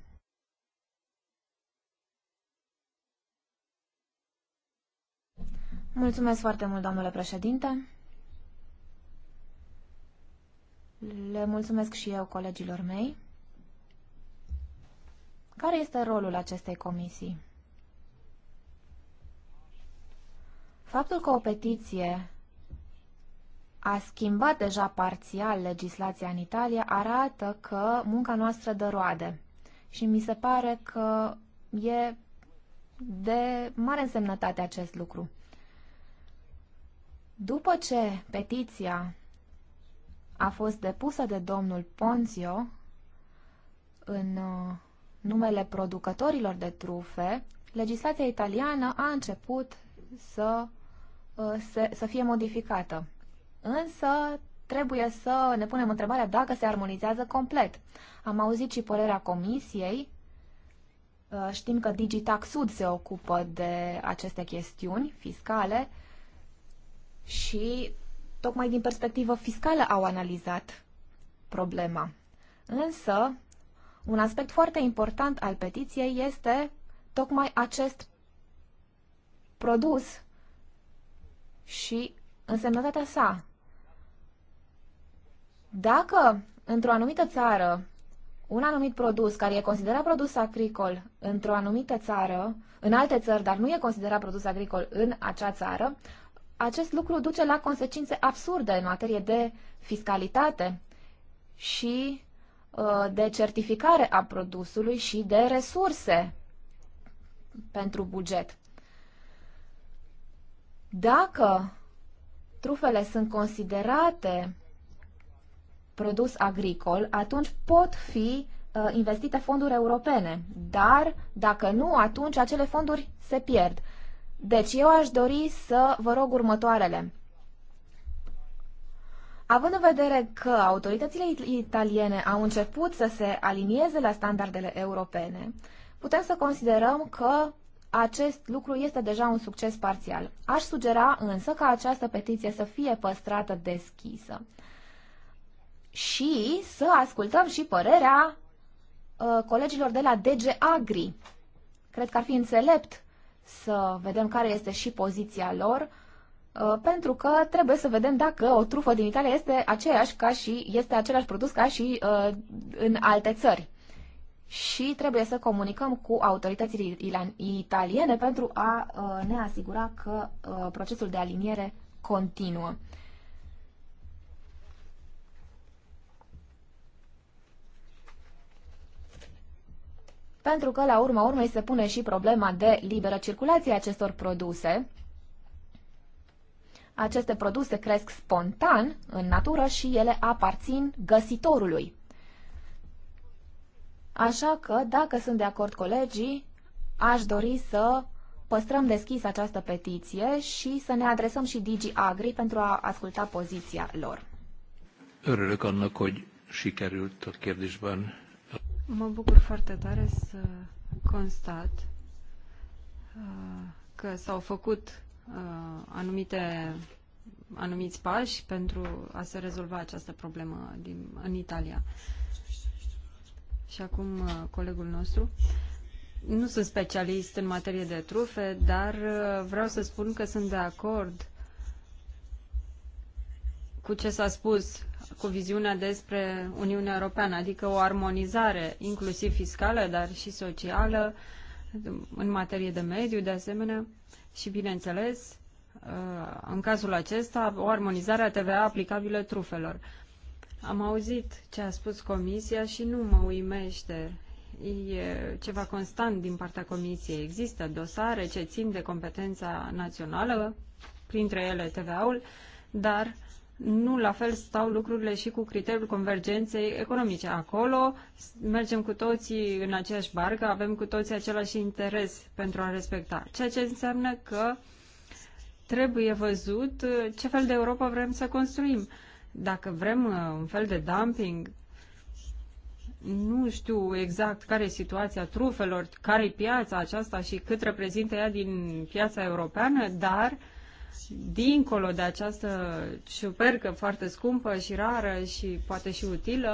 Mulțumesc foarte mult, domnule președinte. Le mulțumesc și eu colegilor mei. Care este rolul acestei comisii? Faptul că o petiție a schimbat deja parțial legislația în Italia arată că munca noastră dă roade și mi se pare că e de mare însemnătate acest lucru. După ce petiția a fost depusă de domnul Ponzio în uh, numele producătorilor de trufe, legislația italiană a început să, uh, să, fie modificată. Însă trebuie să ne punem întrebarea dacă se armonizează complet. Am auzit și părerea comisiei. Uh, știm că Digitax Sud se ocupă de aceste chestiuni fiscale și tocmai din perspectivă fiscală au analizat problema. Însă, un aspect foarte important al petiției este tocmai acest produs și însemnătatea sa. Dacă într-o anumită țară un anumit produs care e considerat produs agricol într-o anumită țară, în alte țări, dar nu e considerat produs agricol în acea țară, acest lucru duce la consecințe absurde în materie de fiscalitate și uh, de certificare a produsului și de resurse pentru buget. Dacă trufele sunt considerate produs agricol, atunci pot fi uh, investite fonduri europene, dar dacă nu, atunci acele fonduri se pierd. Deci eu aș dori să vă rog următoarele. Având în vedere că autoritățile italiene au început să se alinieze la standardele europene, putem să considerăm că acest lucru este deja un succes parțial. Aș sugera însă ca această petiție să fie păstrată deschisă și să ascultăm și părerea uh, colegilor de la DG Agri. Cred că ar fi înțelept să vedem care este și poziția lor, uh, pentru că trebuie să vedem dacă o trufă din Italia este aceeași ca și este același produs ca și uh, în alte țări. Și trebuie să comunicăm cu autoritățile italiene pentru a uh, ne asigura că procesul de aliniere continuă. pentru că la urma urmei se pune și problema de liberă circulație acestor produse. Aceste produse cresc spontan în natură și ele aparțin găsitorului. Așa că, dacă sunt de acord colegii, aș dori să păstrăm deschis această petiție și să ne adresăm și Digi Agri pentru a asculta poziția lor. Örülök annak, hogy sikerült a kérdésben Mă bucur foarte tare să constat uh, că s-au făcut uh, anumite anumiți pași pentru a se rezolva această problemă din, în Italia. Și acum uh, colegul nostru. Nu sunt specialist în materie de trufe, dar vreau să spun că sunt de acord cu ce s-a spus cu viziunea despre Uniunea Europeană, adică o armonizare inclusiv fiscală, dar și socială, în materie de mediu, de asemenea, și, bineînțeles, uh, în cazul acesta, o armonizare a TVA aplicabilă trufelor. Am auzit ce a spus Comisia și nu mă uimește. E ceva constant din partea Comisiei. Există dosare ce țin de competența națională, printre ele TVA-ul, dar nu la fel stau lucrurile și cu criteriul convergenței economice. Acolo mergem cu toții în aceeași barcă, avem cu toții același interes pentru a respecta. Ceea ce înseamnă că trebuie văzut uh, ce fel de Europa vrem să construim. Dacă vrem uh, un fel de dumping, nu știu exact care e situația trufelor, care e piața aceasta și cât reprezintă ea din piața europeană, dar uh, dincolo de această ciupercă foarte scumpă și rară și poate și utilă,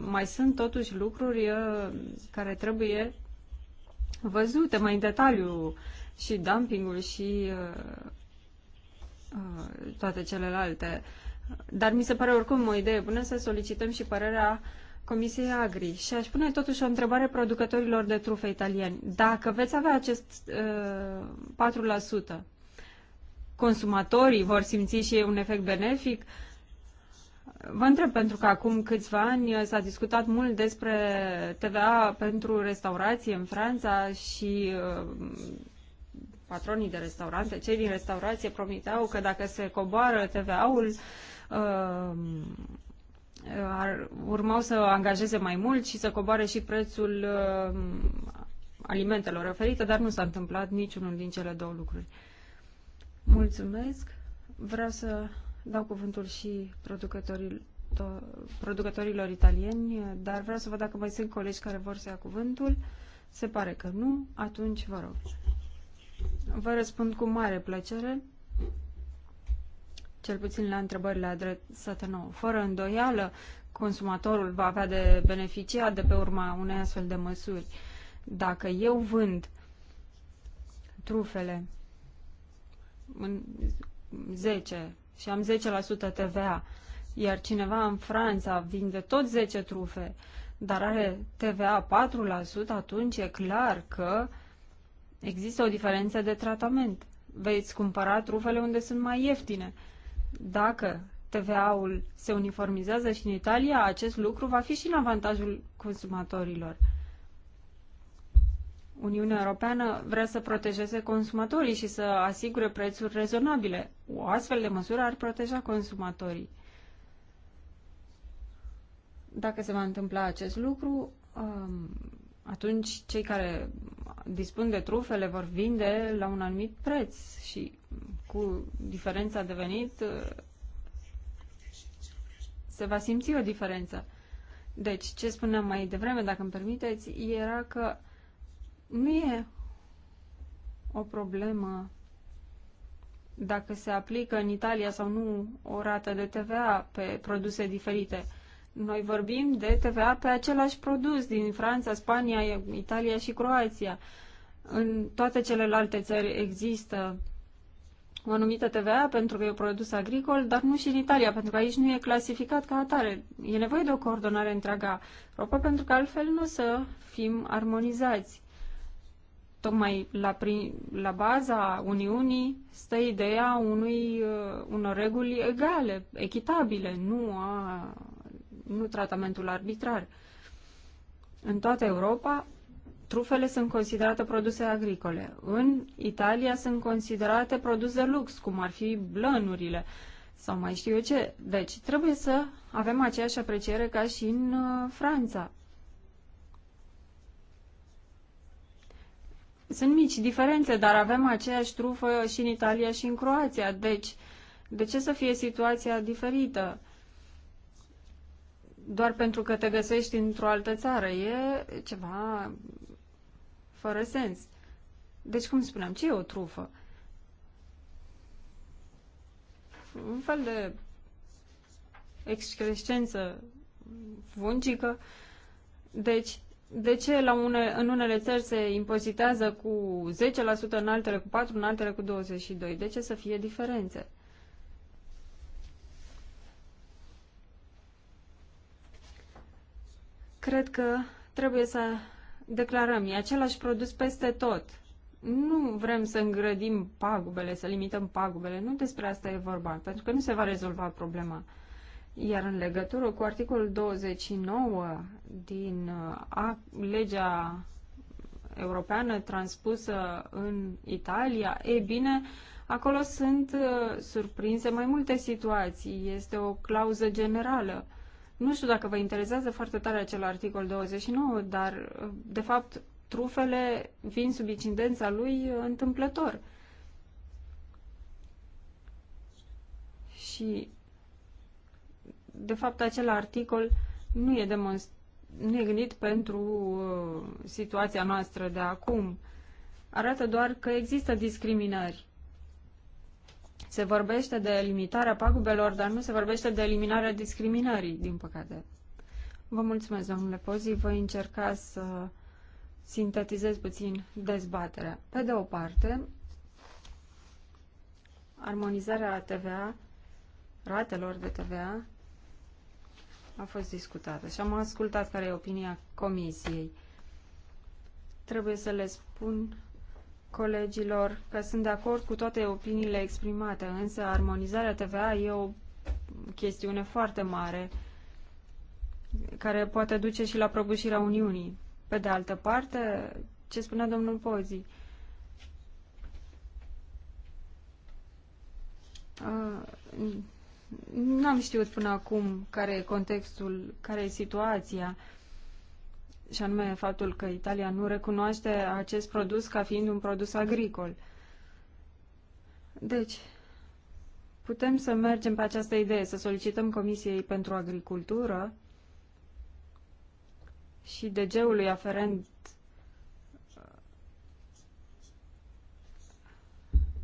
mai sunt totuși lucruri uh, care trebuie văzute mai în detaliu și dumpingul și uh, uh, toate celelalte. Dar mi se pare oricum o idee bună să solicităm și părerea Comisiei Agri. Și aș pune totuși o întrebare producătorilor de trufe italieni. Dacă veți avea acest uh, consumatorii vor simți și ei un efect benefic? Vă întreb pentru că acum câțiva ani s-a discutat mult despre TVA pentru restaurație în Franța și uh, patronii de restaurante, cei din restaurație promiteau că dacă se coboară TVA-ul, uh, ar, urmau să angajeze mai mult și să coboare și prețul uh, alimentelor oferite, dar nu s-a întâmplat niciunul din cele două lucruri. Mulțumesc. Vreau să dau cuvântul și producătorilor, producătorilor italieni, dar vreau să văd dacă mai sunt colegi care vor să ia cuvântul. Se pare că nu, atunci vă rog. Vă răspund cu mare plăcere, cel puțin la întrebările adresate nouă. Fără îndoială, consumatorul va avea de beneficiat de pe urma unei astfel de măsuri. Dacă eu vând trufele în 10 și am 10% TVA, iar cineva în Franța vinde tot 10 trufe, dar are TVA 4%, atunci e clar că există o diferență de tratament. Veți cumpăra trufele unde sunt mai ieftine. Dacă TVA-ul se uniformizează și în Italia, acest lucru va fi și în avantajul consumatorilor. Uniunea Europeană vrea să protejeze consumatorii și să asigure prețuri rezonabile. O astfel de măsură ar proteja consumatorii. Dacă se va întâmpla acest lucru, um, atunci cei care dispun de trufele vor vinde la un anumit preț și cu diferența de venit uh, se va simți o diferență. Deci, ce spuneam mai devreme, dacă îmi permiteți, era că nu e o problemă dacă se aplică în Italia sau nu o rată de TVA pe produse diferite. Noi vorbim de TVA pe același produs din Franța, Spania, Italia și Croația. În toate celelalte țări există o anumită TVA pentru că e un produs agricol, dar nu și în Italia, pentru că aici nu e clasificat ca atare. E nevoie de o coordonare întreaga Europa, pentru că altfel nu o să fim armonizați tocmai la, prim, la baza Uniunii stă ideea unui, uh, unor reguli egale, echitabile, nu, a, nu tratamentul arbitrar. În toată Europa, trufele sunt considerate produse agricole. În Italia sunt considerate produse lux, cum ar fi blănurile sau mai știu eu ce. Deci trebuie să avem aceeași apreciere ca și în uh, Franța. Sunt mici diferențe, dar avem aceeași trufă și în Italia și în Croația. Deci, de ce să fie situația diferită? Doar pentru că te găsești într-o altă țară. E ceva fără sens. Deci, cum spuneam, ce e o trufă? Un fel de excrescență fungică. Deci, de ce la une, în unele țări se impozitează cu 10%, în altele cu 4%, în altele cu 22%? De ce să fie diferențe? Cred că trebuie să declarăm, e același produs peste tot. Nu vrem să îngrădim pagubele, să limităm pagubele, nu despre asta e vorba, pentru că nu se va rezolva problema. Iar în legătură cu articolul 29 din uh, a, legea europeană transpusă în Italia, e bine, acolo sunt uh, surprinse mai multe situații. Este o clauză generală. Nu știu dacă vă interesează foarte tare acel articol 29, dar, uh, de fapt, trufele vin sub incidența lui întâmplător. Și de fapt, acel articol nu e, nu e gândit pentru uh, situația noastră de acum. Arată doar că există discriminări. Se vorbește de limitarea pagubelor, dar nu se vorbește de eliminarea discriminării, din păcate. Vă mulțumesc, domnule Pozi. Voi încerca să sintetizez puțin dezbaterea. Pe de o parte, armonizarea TVA, ratelor de TVA, a fost discutată și am ascultat care e opinia comisiei. Trebuie să le spun colegilor că sunt de acord cu toate opiniile exprimate, însă armonizarea TVA e o chestiune foarte mare care poate duce și la prăbușirea Uniunii. Pe de altă parte, ce spunea domnul Pozi, uh, N-am știut până acum care e contextul, care e situația și anume faptul că Italia nu recunoaște acest produs ca fiind un produs agricol. Deci, putem să mergem pe această idee, să solicităm Comisiei pentru Agricultură și DG-ului aferent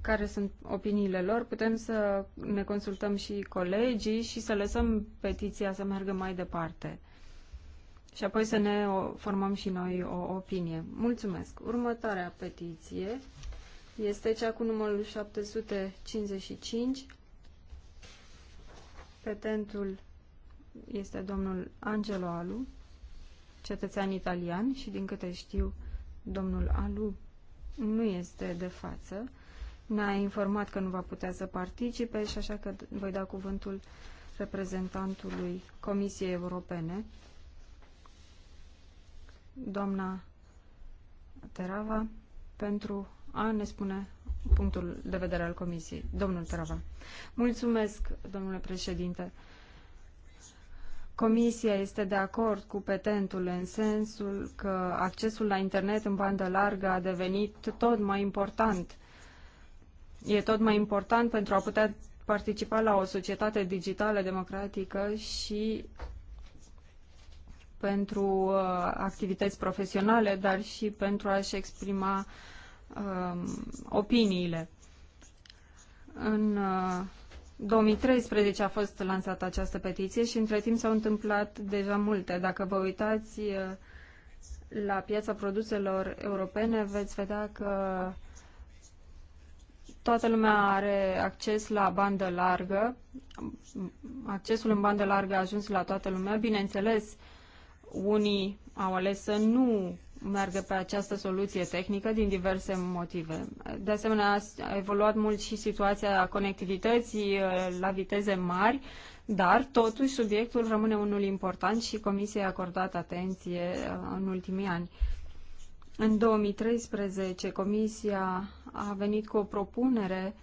care sunt opiniile lor, putem să ne consultăm și colegii și să lăsăm petiția să meargă mai departe. Și apoi să ne formăm și noi o opinie. Mulțumesc. Următoarea petiție este cea cu numărul 755. Petentul este domnul Angelo Alu, cetățean italian și din câte știu, domnul Alu nu este de față ne-a informat că nu va putea să participe și așa că voi da cuvântul reprezentantului Comisiei Europene, doamna Terava, pentru a ne spune punctul de vedere al Comisiei. Domnul Terava. Mulțumesc, domnule președinte. Comisia este de acord cu petentul în sensul că accesul la internet în bandă largă a devenit tot mai important e tot mai important pentru a putea participa la o societate digitală democratică și pentru uh, activități profesionale, dar și pentru a-și exprima uh, opiniile. În uh, 2013 a fost lansată această petiție și între timp s-au întâmplat deja multe. Dacă vă uitați uh, la piața produselor europene, veți vedea că uh, toată lumea are acces la bandă largă, accesul în bandă largă a ajuns la toată lumea. Bineînțeles, unii au ales să nu meargă pe această soluție tehnică din diverse motive. De asemenea, a evoluat mult și situația conectivității uh, la viteze mari, dar totuși subiectul rămâne unul important și Comisia a acordat atenție uh, în ultimii ani. În 2013, Comisia a venit cu o propunere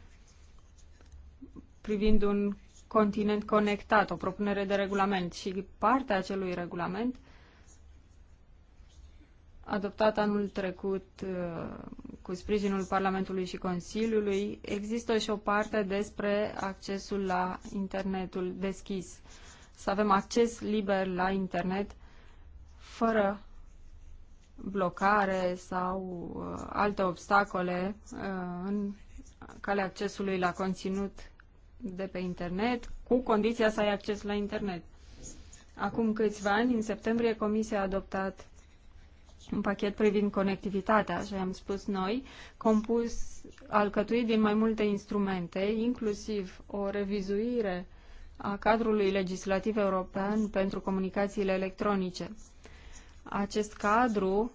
privind un continent conectat, o propunere de regulament și partea acelui regulament adoptat anul trecut uh, cu sprijinul Parlamentului și Consiliului, există și o parte despre accesul la internetul deschis. Să avem acces liber la internet fără blocare sau uh, alte obstacole uh, în calea accesului la conținut de pe internet, cu condiția să ai acces la internet. Acum câțiva ani, în septembrie, Comisia a adoptat un pachet privind conectivitatea, așa am spus noi, compus, alcătuit din mai multe instrumente, inclusiv o revizuire a cadrului legislativ european pentru comunicațiile electronice. Acest cadru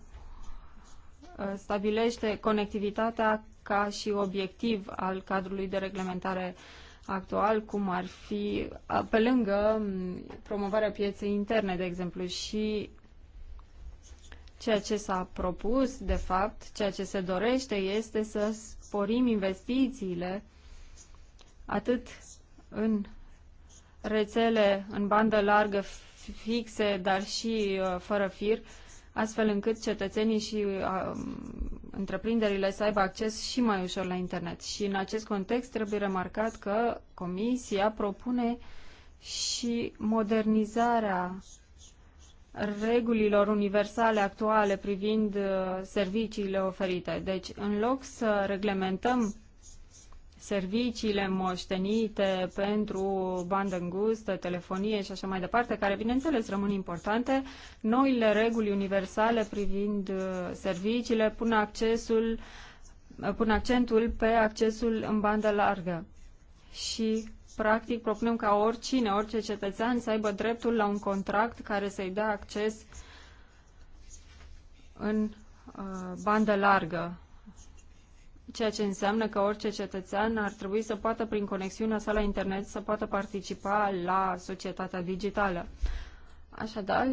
uh, stabilește conectivitatea ca și obiectiv al cadrului de reglementare actual, cum ar fi pe lângă promovarea pieței interne, de exemplu, și ceea ce s-a propus, de fapt, ceea ce se dorește este să sporim investițiile atât în rețele în bandă largă fixe, dar și uh, fără fir, astfel încât cetățenii și uh, întreprinderile să aibă acces și mai ușor la internet. Și în acest context trebuie remarcat că Comisia propune și modernizarea regulilor universale actuale privind uh, serviciile oferite. Deci, în loc să reglementăm serviciile moștenite pentru bandă îngustă, telefonie și așa mai departe, care bineînțeles rămân importante, noile reguli universale privind uh, serviciile pun accesul uh, pun accentul pe accesul în bandă largă. Și practic propunem ca oricine, orice cetățean să aibă dreptul la un contract care să-i dea acces în uh, bandă largă ceea ce înseamnă că orice cetățean ar trebui să poată, prin conexiunea sa la internet, să poată participa la societatea digitală. Așadar,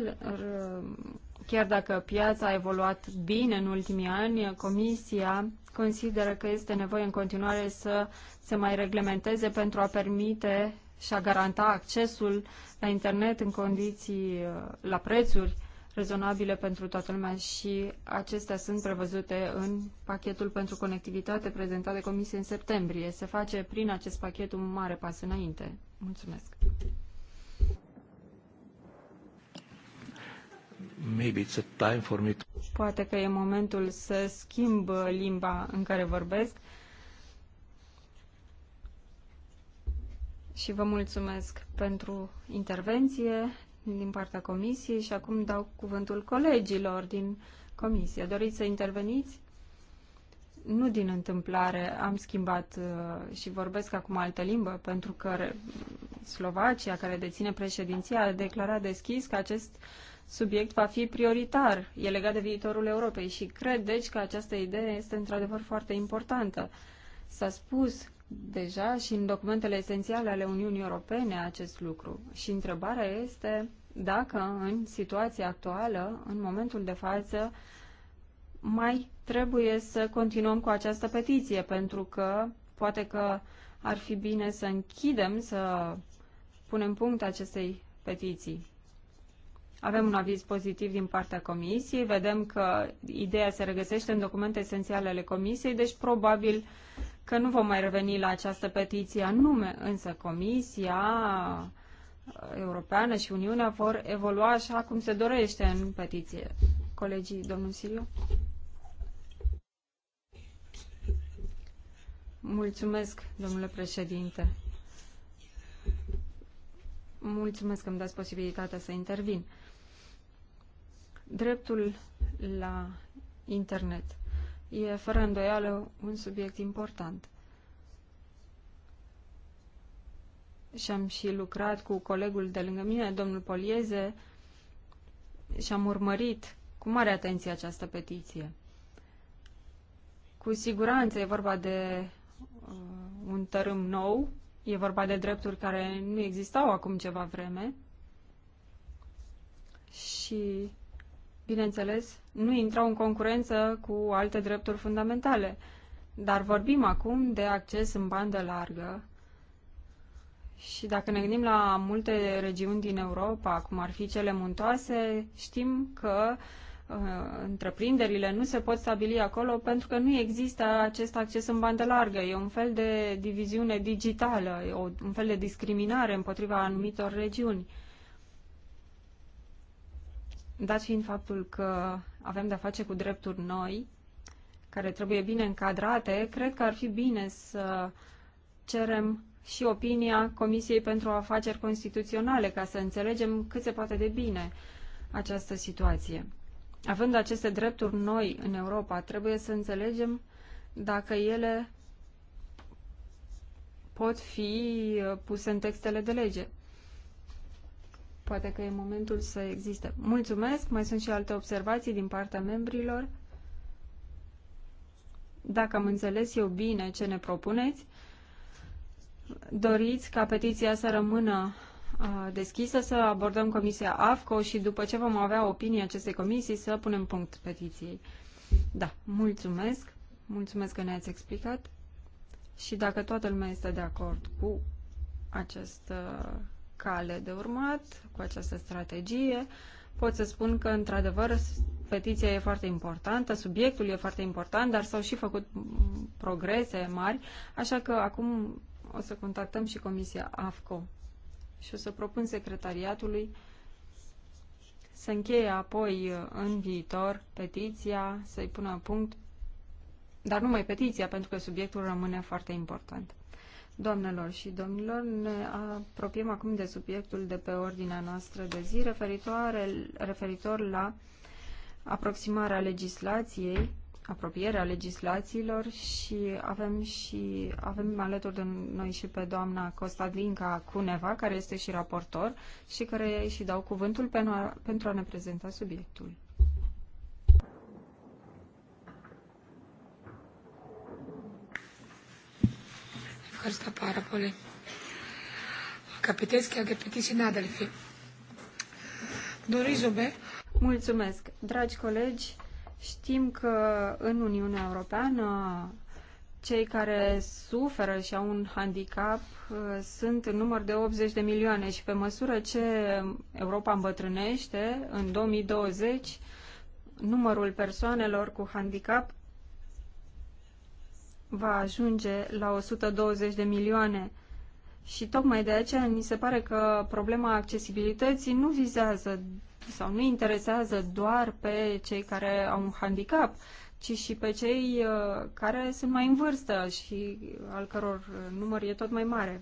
chiar dacă piața a evoluat bine în ultimii ani, Comisia consideră că este nevoie în continuare să se mai reglementeze pentru a permite și a garanta accesul la internet în condiții, uh, la prețuri rezonabile pentru toată lumea și acestea sunt prevăzute în pachetul pentru conectivitate prezentat de Comisie în septembrie. Se face prin acest pachet un mare pas înainte. Mulțumesc. Maybe it's a time for me to... Poate că e momentul să schimb limba în care vorbesc. Și vă mulțumesc pentru intervenție din partea comisiei și acum dau cuvântul colegilor din comisie. Doriți să interveniți? Nu din întâmplare am schimbat uh, și vorbesc acum altă limbă, pentru că Slovacia, care deține președinția, a declarat deschis că acest subiect va fi prioritar, e legat de viitorul Europei și cred deci că această idee este într-adevăr foarte importantă. S-a spus deja și în documentele esențiale ale Uniunii Europene acest lucru. Și întrebarea este dacă în situația actuală, în momentul de față, mai trebuie să continuăm cu această petiție, pentru că poate că ar fi bine să închidem, să punem punct acestei petiții. Avem un aviz pozitiv din partea comisiei, vedem că ideea se regăsește în documente esențiale ale comisiei, deci probabil că nu vom mai reveni la această petiție anume, însă Comisia Europeană și Uniunea vor evolua așa cum se dorește în petiție. Colegii, domnul Siliu? Mulțumesc, domnule președinte. Mulțumesc că îmi dați posibilitatea să intervin. Dreptul la internet e fără îndoială un subiect important. Și am și lucrat cu colegul de lângă mine, domnul Polieze, și am urmărit cu mare atenție această petiție. Cu siguranță e vorba de uh, un tărâm nou, e vorba de drepturi care nu existau acum ceva vreme și bineînțeles, nu intrau în concurență cu alte drepturi fundamentale. Dar vorbim acum de acces în bandă largă și dacă ne gândim la multe regiuni din Europa, cum ar fi cele muntoase, știm că uh, întreprinderile nu se pot stabili acolo pentru că nu există acest acces în bandă largă. E un fel de diviziune digitală, o, un fel de discriminare împotriva anumitor regiuni. Uh, dat fiind faptul că avem de-a face cu drepturi noi, care trebuie bine încadrate, cred că ar fi bine să cerem și opinia Comisiei pentru Afaceri Constituționale, ca să înțelegem cât se poate de bine această situație. Având aceste drepturi noi în Europa, trebuie să înțelegem dacă ele pot fi puse în textele de lege. Poate că e momentul să existe. Mulțumesc, mai sunt și alte observații din partea membrilor. Dacă am înțeles eu bine ce ne propuneți, doriți ca petiția să rămână deschisă, să abordăm Comisia AFCO și după ce vom avea opinia acestei comisii să punem punct petiției. Da, mulțumesc. Mulțumesc că ne-ați explicat. Și dacă toată lumea este de acord cu acest cale de urmat cu această strategie. Pot să spun că, într-adevăr, petiția e foarte importantă, subiectul e foarte important, dar s-au și făcut progrese mari, așa că acum o să contactăm și Comisia AFCO și o să propun secretariatului să încheie apoi în viitor petiția, să-i pună punct, dar numai petiția, pentru că subiectul rămâne foarte important. Doamnelor și domnilor, ne apropiem acum de subiectul de pe ordinea noastră de zi referitor la aproximarea legislației, apropierea legislațiilor și avem și avem alături de noi și pe doamna Costadinca Cuneva, care este și raportor și care îi și dau cuvântul pentru a ne prezenta subiectul. Ευχαριστώ πάρα πολύ. Αγαπητές και αγαπητοί συνάδελφοι, γνωρίζομαι... Mulțumesc. Dragi colegi, știm că în Uniunea Europeană cei care suferă și au un handicap uh, sunt în număr de 80 de milioane și pe măsură ce Europa îmbătrânește, în 2020 numărul persoanelor cu handicap va ajunge la 120 de milioane. Și tocmai de aceea mi se pare că problema accesibilității nu vizează sau nu interesează doar pe cei care au un handicap, ci și pe cei uh, care sunt mai în vârstă și al căror număr e tot mai mare.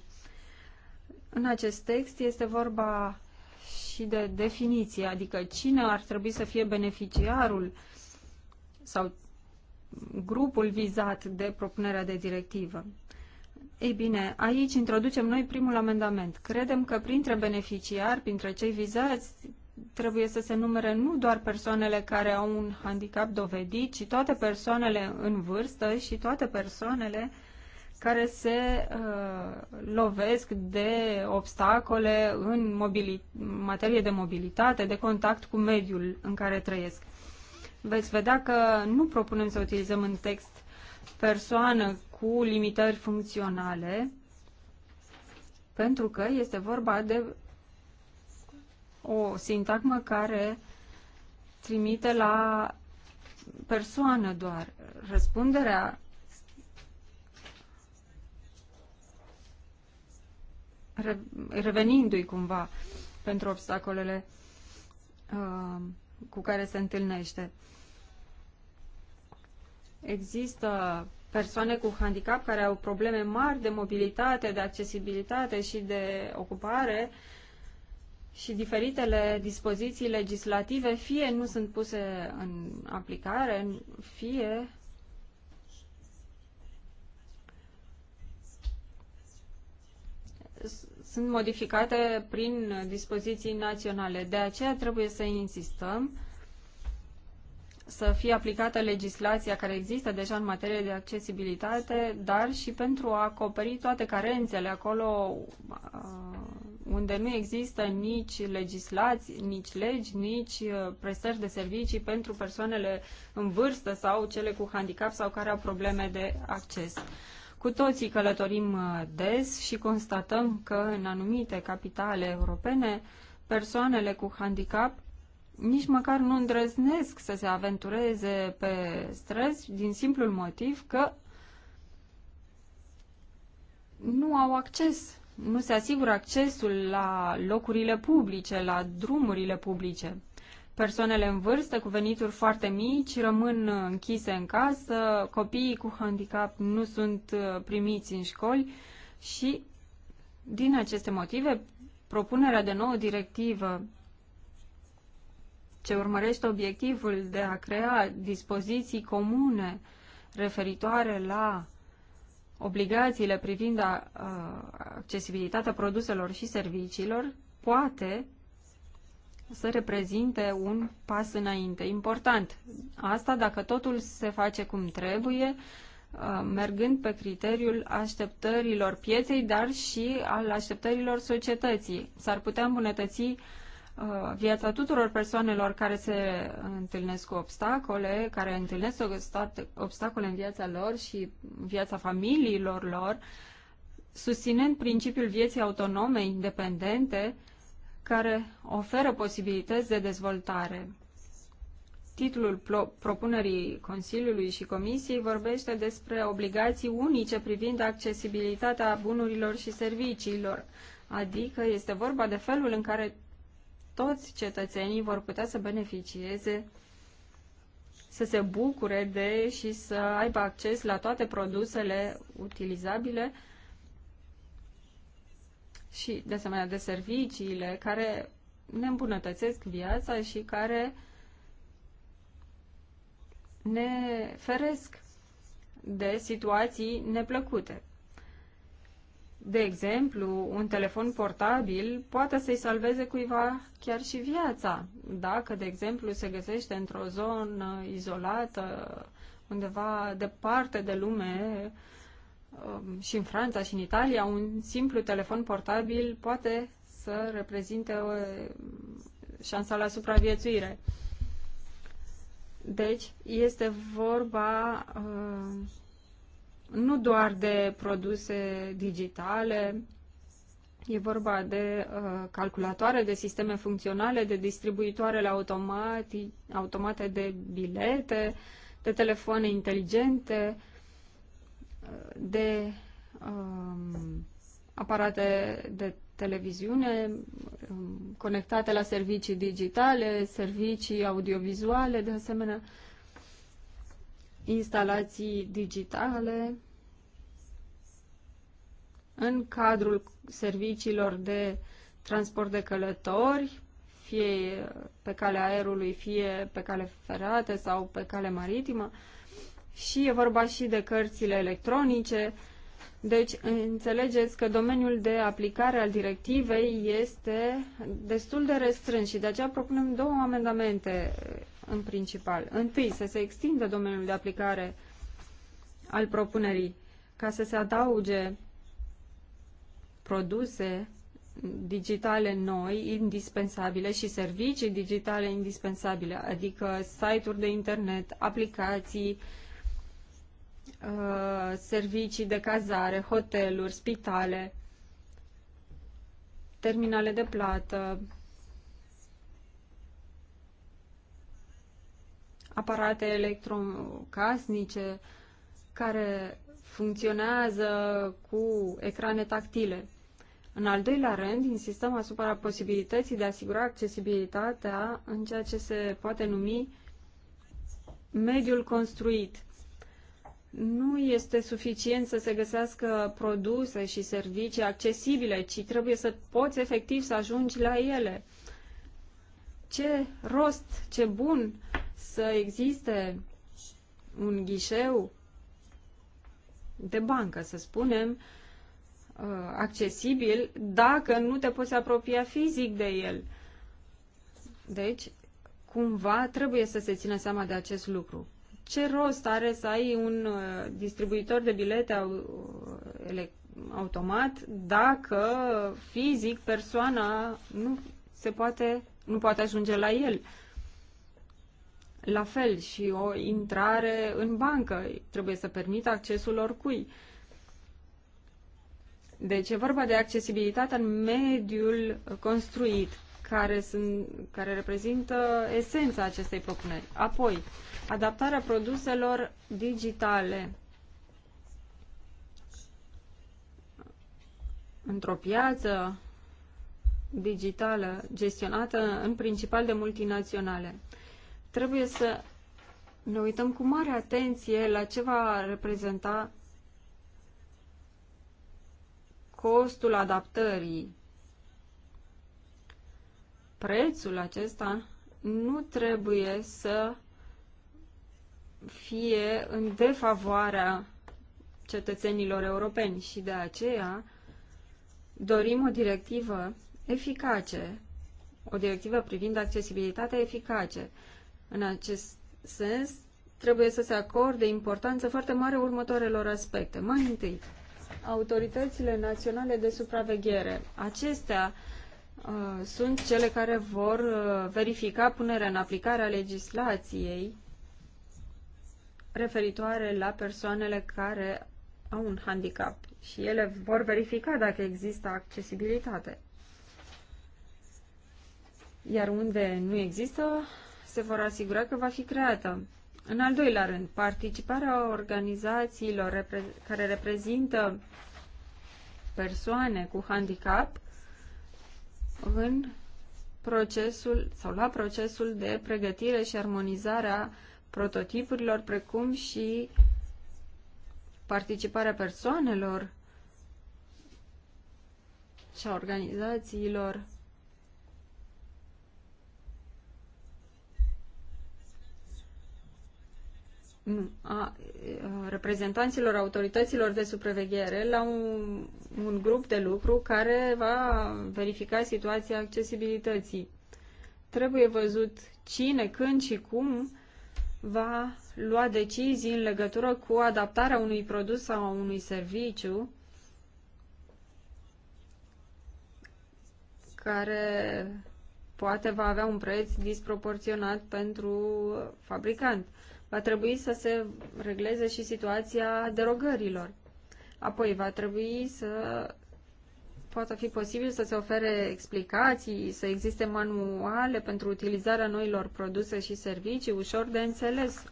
În acest text este vorba și de definiție, adică cine ar trebui să fie beneficiarul sau grupul vizat de propunerea de directivă. Ei bine, aici introducem noi primul amendament. Credem că printre beneficiari, printre cei vizați, trebuie să se numere nu doar persoanele care au un handicap dovedit, ci toate persoanele în vârstă și toate persoanele care se uh, lovesc de obstacole în materie de mobilitate, de contact cu mediul în care trăiesc veți vedea că nu propunem să utilizăm în text persoană cu limitări funcționale, pentru că este vorba de o sintagmă care trimite la persoană doar. Răspunderea revenindu-i cumva pentru obstacolele uh, cu care se întâlnește. Există persoane cu handicap care au probleme mari de mobilitate, de accesibilitate și de ocupare și diferitele dispoziții legislative fie nu sunt puse în aplicare, fie sunt modificate prin dispoziții naționale. De aceea trebuie să insistăm să fie aplicată legislația care există deja în materie de accesibilitate, dar și pentru a acoperi toate carențele acolo uh, unde nu există nici legislații, nici legi, nici uh, prestări de servicii pentru persoanele în vârstă sau cele cu handicap sau care au probleme de acces. Cu toții călătorim uh, des și constatăm că în anumite capitale europene persoanele cu handicap nici măcar nu îndrăznesc să se aventureze pe străzi din simplul motiv că nu au acces, nu se asigură accesul la locurile publice, la drumurile publice persoanele în vârstă cu venituri foarte mici rămân închise în casă, copiii cu handicap nu sunt uh, primiți în școli și din aceste motive propunerea de nouă directivă ce urmărește obiectivul de a crea dispoziții comune referitoare la obligațiile privind uh, accesibilitatea produselor și serviciilor poate să reprezinte un pas înainte important. Asta dacă totul se face cum trebuie, uh, mergând pe criteriul așteptărilor pieței, dar și al așteptărilor societății. S-ar putea îmbunătăți uh, viața tuturor persoanelor care se întâlnesc cu obstacole, care întâlnesc obstacole în viața lor și viața familiilor lor, susținând principiul vieții autonome, independente care oferă posibilități de dezvoltare. Titlul propunerii Consiliului și Comisiei vorbește despre obligații unice privind accesibilitatea bunurilor și serviciilor, adică este vorba de felul în care toți cetățenii vor putea să beneficieze, să se bucure de și să aibă acces la toate produsele utilizabile și, de asemenea, de serviciile care ne îmbunătățesc viața și care ne feresc de situații neplăcute. De exemplu, un telefon portabil poate să-i salveze cuiva chiar și viața. Dacă, de exemplu, se găsește într-o zonă izolată, undeva departe de lume, Um, și în Franța și în Italia, un simplu telefon portabil poate să reprezinte o uh, șansa la supraviețuire. Deci, este vorba uh, nu doar de produse digitale, e vorba de uh, calculatoare, de sisteme funcționale, de distribuitoarele automate de bilete, de telefoane inteligente, uh, de um, aparate de televiziune um, conectate la servicii digitale, servicii audiovizuale, de asemenea instalații digitale în cadrul serviciilor de transport de călători, fie pe calea aerului, fie pe cale ferată sau pe cale maritimă. Uh, și e vorba și de cărțile electronice. Deci înțelegeți că domeniul de aplicare al directivei este destul de restrâns și de aceea propunem două amendamente în principal. Întâi, să se extindă domeniul de aplicare al propunerii ca să se adauge produse digitale noi, indispensabile și servicii digitale indispensabile, adică site-uri de internet, aplicații, uh, Uh, servicii de cazare, hoteluri, spitale, terminale de plată, aparate electrocasnice care funcționează cu ecrane tactile. În al doilea rând, insistăm asupra posibilității de a asigura accesibilitatea în ceea ce se poate numi mediul construit – nu este suficient să se găsească produse și servicii accesibile, ci trebuie să poți efectiv să ajungi la ele. Ce rost, ce bun să existe un ghișeu de bancă, să spunem, uh, accesibil, dacă nu te poți apropia fizic de el. Deci, cumva trebuie să se țină seama de acest lucru ce rost are să ai un uh, distribuitor de bilete uh, automat dacă fizic persoana nu se poate, nu poate ajunge la el. La fel și o intrare în bancă trebuie să permită accesul oricui. Deci e vorba de accesibilitatea în mediul construit care, sunt, care reprezintă esența acestei propuneri. Apoi, adaptarea produselor digitale într-o piață digitală gestionată în principal de multinaționale. Trebuie să ne uităm cu mare atenție la ce va reprezenta costul adaptării prețul acesta nu trebuie să fie în defavoarea cetățenilor europeni și de aceea dorim o directivă eficace, o directivă privind accesibilitatea eficace. În acest sens, trebuie să se acorde importanță foarte mare următoarelor aspecte. Mai întâi, autoritățile naționale de supraveghere. Acestea Uh, sunt cele care vor uh, verifica punerea în aplicare a legislației referitoare la persoanele care au un handicap și ele vor verifica dacă există accesibilitate. Iar unde nu există, se vor asigura că va fi creată. În al doilea rând, participarea organizațiilor repre care reprezintă persoane cu handicap în procesul sau la procesul de pregătire și armonizare a prototipurilor, precum și participarea persoanelor și a organizațiilor a reprezentanților autorităților de supraveghere la un, un grup de lucru care va verifica situația accesibilității. Trebuie văzut cine, când și cum va lua decizii în legătură cu adaptarea unui produs sau a unui serviciu care poate va avea un preț disproporționat pentru fabricant. Va trebui să se regleze și situația derogărilor. Apoi va trebui să poată fi posibil să se ofere explicații, să existe manuale pentru utilizarea noilor produse și servicii ușor de înțeles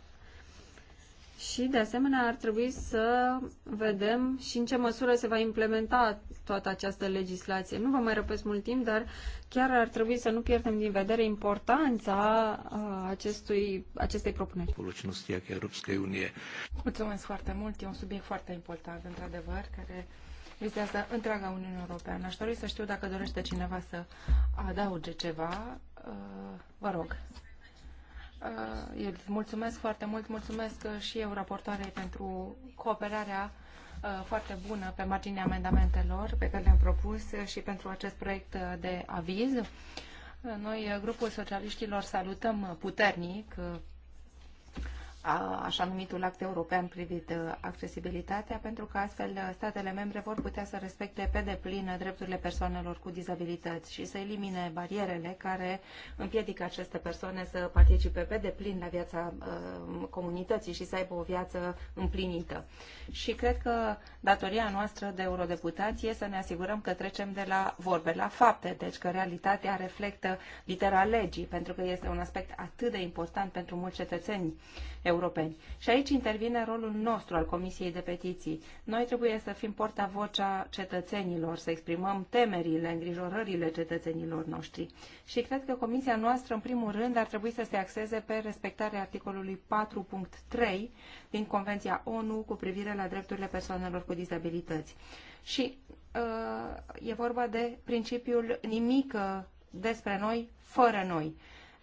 și, de asemenea, ar trebui să vedem și în ce măsură se va implementa toată această legislație. Nu vă mai răpesc mult timp, dar chiar ar trebui să nu pierdem din vedere importanța acestui, acestei propuneri. Mulțumesc foarte mult. E un subiect foarte important, într-adevăr, care este asta, întreaga Uniune Europeană. Aș dori să știu dacă dorește cineva să adauge ceva. Uh, vă rog uh, mulțumesc foarte mult, mulțumesc uh, și eu raportoarei pentru cooperarea uh, foarte bună pe marginea amendamentelor pe care le-am propus uh, și pentru acest proiect de aviz. Noi, grupul socialiștilor, salutăm puternic așa numitul act european privind uh, accesibilitatea, pentru că astfel uh, statele membre vor putea să respecte pe deplin drepturile persoanelor cu dizabilități și să elimine barierele care împiedică aceste persoane să participe pe deplin la viața uh, comunității și să aibă o viață împlinită. Și cred că datoria noastră de eurodeputați să ne asigurăm că trecem de la vorbe la fapte, deci că realitatea reflectă litera legii, pentru că este un aspect atât de important pentru mulți cetățeni europeni. Și aici intervine rolul nostru al Comisiei de Petiții. Noi trebuie să fim portavocea cetățenilor, să exprimăm temerile, îngrijorările cetățenilor noștri. Și cred că Comisia noastră, în primul rând, ar trebui să se axeze pe respectarea articolului 4.3 din Convenția ONU cu privire la drepturile persoanelor cu dizabilități. Și uh, e vorba de principiul nimic uh, despre noi fără noi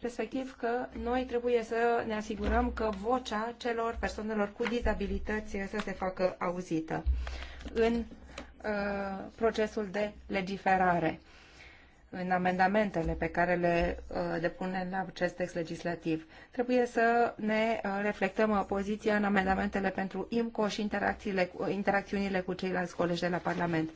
respectiv că noi trebuie să ne asigurăm că vocea celor persoanelor cu dizabilități să se facă auzită în uh, procesul de legiferare, în amendamentele pe care le uh, depunem la acest text legislativ. Trebuie să ne uh, reflectăm uh, poziția în amendamentele pentru IMCO și interacțiile, interacțiunile cu ceilalți colegi de la Parlament.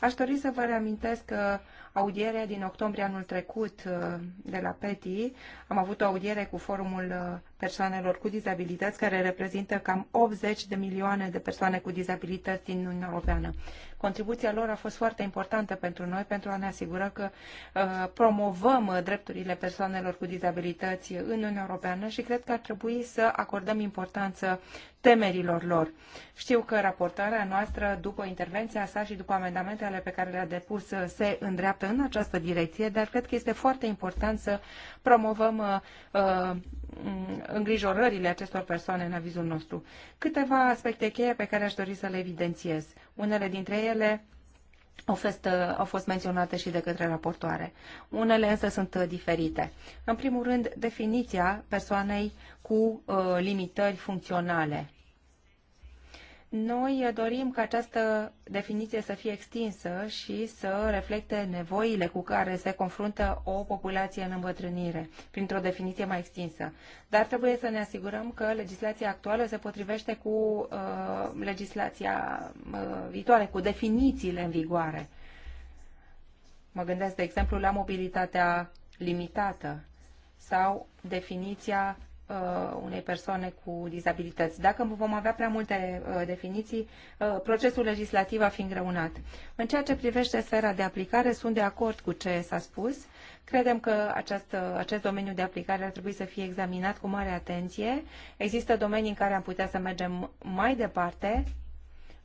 Aș dori să vă reamintesc că uh, audierea din octombrie anul trecut uh, de la PETI. Am avut o audiere cu forumul uh, persoanelor cu dizabilități, care reprezintă cam 80 de milioane de persoane cu dizabilități din Uniunea Europeană. Contribuția lor a fost foarte importantă pentru noi pentru a ne asigura că uh, promovăm uh, drepturile persoanelor cu dizabilități în Uniunea Europeană și cred că ar trebui să acordăm importanță temerilor lor. Știu că raportarea noastră, după intervenția sa și după amendamentele pe care le-a depus, uh, se îndreaptă în această direcție, dar cred că este foarte important să promovăm uh, uh Mm, îngrijorările acestor persoane în avizul nostru. Câteva aspecte cheie pe care aș dori să le evidențiez. Unele dintre ele au fost, uh, au fost menționate și de către raportoare. Unele însă sunt uh, diferite. În primul rând, definiția persoanei cu uh, limitări funcționale noi dorim ca această definiție să fie extinsă și să reflecte nevoile cu care se confruntă o populație în îmbătrânire, printr-o definiție mai extinsă. Dar trebuie să ne asigurăm că legislația actuală se potrivește cu uh, legislația uh, viitoare, cu definițiile în vigoare. Mă gândesc, de exemplu, la mobilitatea limitată sau definiția Uh, unei persoane cu dizabilități. Dacă vom avea prea multe uh, definiții, uh, procesul legislativ va fi îngreunat. În ceea ce privește sfera de aplicare, sunt de acord cu ce s-a spus. Credem că această, acest domeniu de aplicare ar trebui să fie examinat cu mare atenție. Există domenii în care am putea să mergem mai departe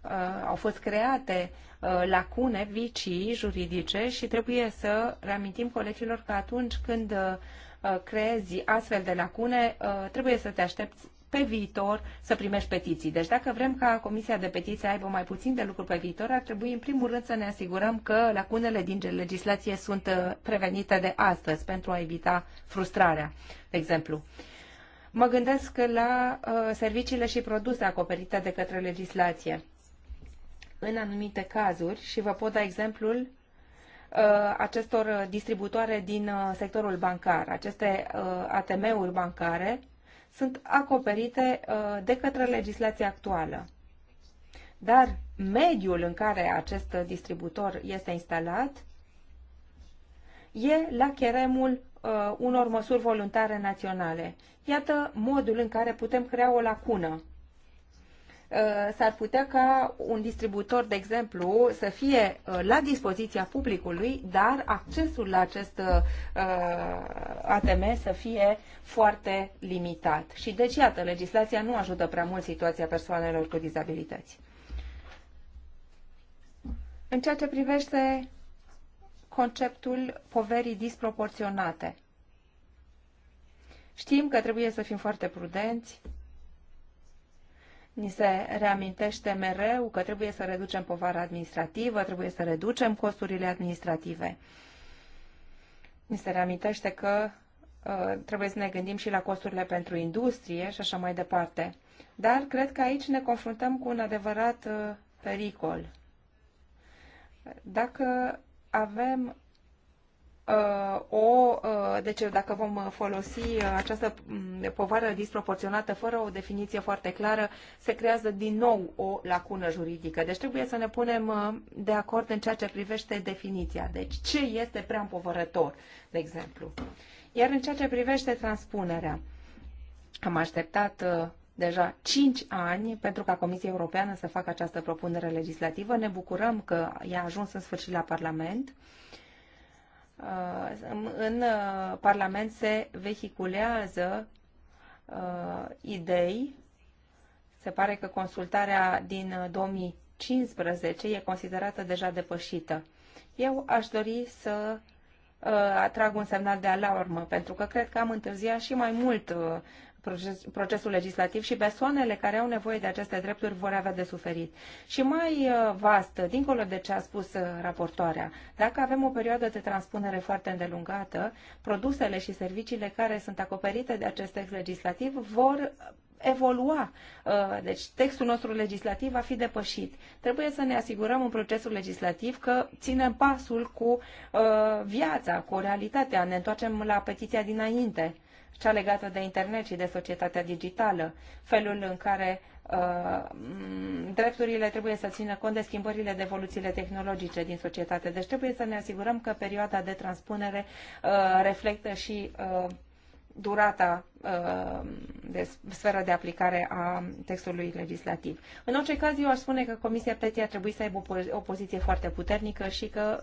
Uh, au fost create uh, lacune, vicii juridice și trebuie să reamintim colegilor că atunci când uh, creezi astfel de lacune, trebuie să te aștepți pe viitor să primești petiții. Deci dacă vrem ca Comisia de Petiții să aibă mai puțin de lucru pe viitor, ar trebui în primul rând să ne asigurăm că lacunele din legislație sunt prevenite de astăzi pentru a evita frustrarea, de exemplu. Mă gândesc la uh, serviciile și produse acoperite de către legislație în anumite cazuri și vă pot da exemplul uh, acestor distributoare din uh, sectorul bancar. Aceste uh, ATM-uri bancare sunt acoperite de către legislația actuală. Dar mediul în care acest distributor este instalat e la cheremul unor măsuri voluntare naționale. Iată modul în care putem crea o lacună Uh, s-ar putea ca un distributor, de exemplu, să fie uh, la dispoziția publicului, dar accesul la acest uh, ATM să fie foarte limitat. Și deci, iată, legislația nu ajută prea mult situația persoanelor cu dizabilități. În ceea ce privește conceptul poverii disproporționate, știm că trebuie să fim foarte prudenți Ni se reamintește mereu că trebuie să reducem povara administrativă, trebuie să reducem costurile administrative. Ni se reamintește că uh, trebuie să ne gândim și la costurile pentru industrie și așa mai departe. Dar cred că aici ne confruntăm cu un adevărat uh, pericol. Dacă avem Uh, o, uh, deci dacă vom folosi uh, această mm, povară disproporționată fără o definiție foarte clară, se creează din nou o lacună juridică. Deci trebuie să ne punem de acord în ceea ce privește definiția. Deci ce este prea împovărător, de exemplu. Iar în ceea ce privește transpunerea, am așteptat deja 5 ani pentru ca Comisia Europeană să facă această propunere legislativă. Ne bucurăm că i a ajuns în sfârșit la Parlament. Uh, Uh, în uh, Parlament se vehiculează uh, idei. Se pare că consultarea din 2015 e considerată deja depășită. Eu aș dori să atrag un semnal de alarmă, pentru că cred că am întârziat și mai mult proces, procesul legislativ și persoanele care au nevoie de aceste drepturi vor avea de suferit. Și mai uh, vast, dincolo de ce a spus uh, raportoarea, dacă avem o perioadă de transpunere foarte îndelungată, produsele și serviciile care sunt acoperite de acest text legislativ vor evolua. Uh, deci textul nostru legislativ va fi depășit. Trebuie să ne asigurăm în procesul legislativ că ținem pasul cu viața, cu realitatea. Ne întoarcem la petiția dinainte cea legată de internet și de societatea digitală, felul în care uh, drepturile trebuie să țină cont de schimbările de evoluțiile tehnologice din societate. Deci trebuie să ne asigurăm că perioada de transpunere uh, reflectă și uh, durata uh, de sferă de aplicare a textului legislativ. În orice caz, eu aș spune că Comisia Petii ar trebui să aibă o poziție foarte puternică și că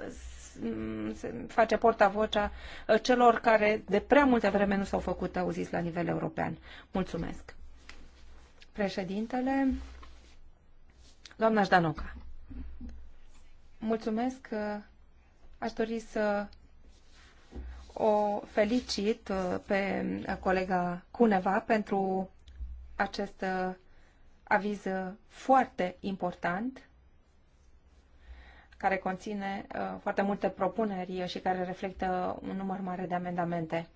Mm, se face portavocea uh, celor care de prea multă vreme nu s-au făcut auziți la nivel european. Mulțumesc. Președintele, doamna Ștanoca. Mulțumesc. Aș dori să o felicit uh, pe colega Cuneva pentru acest uh, aviz foarte important care conține uh, foarte multe propuneri și care reflectă un număr mare de amendamente.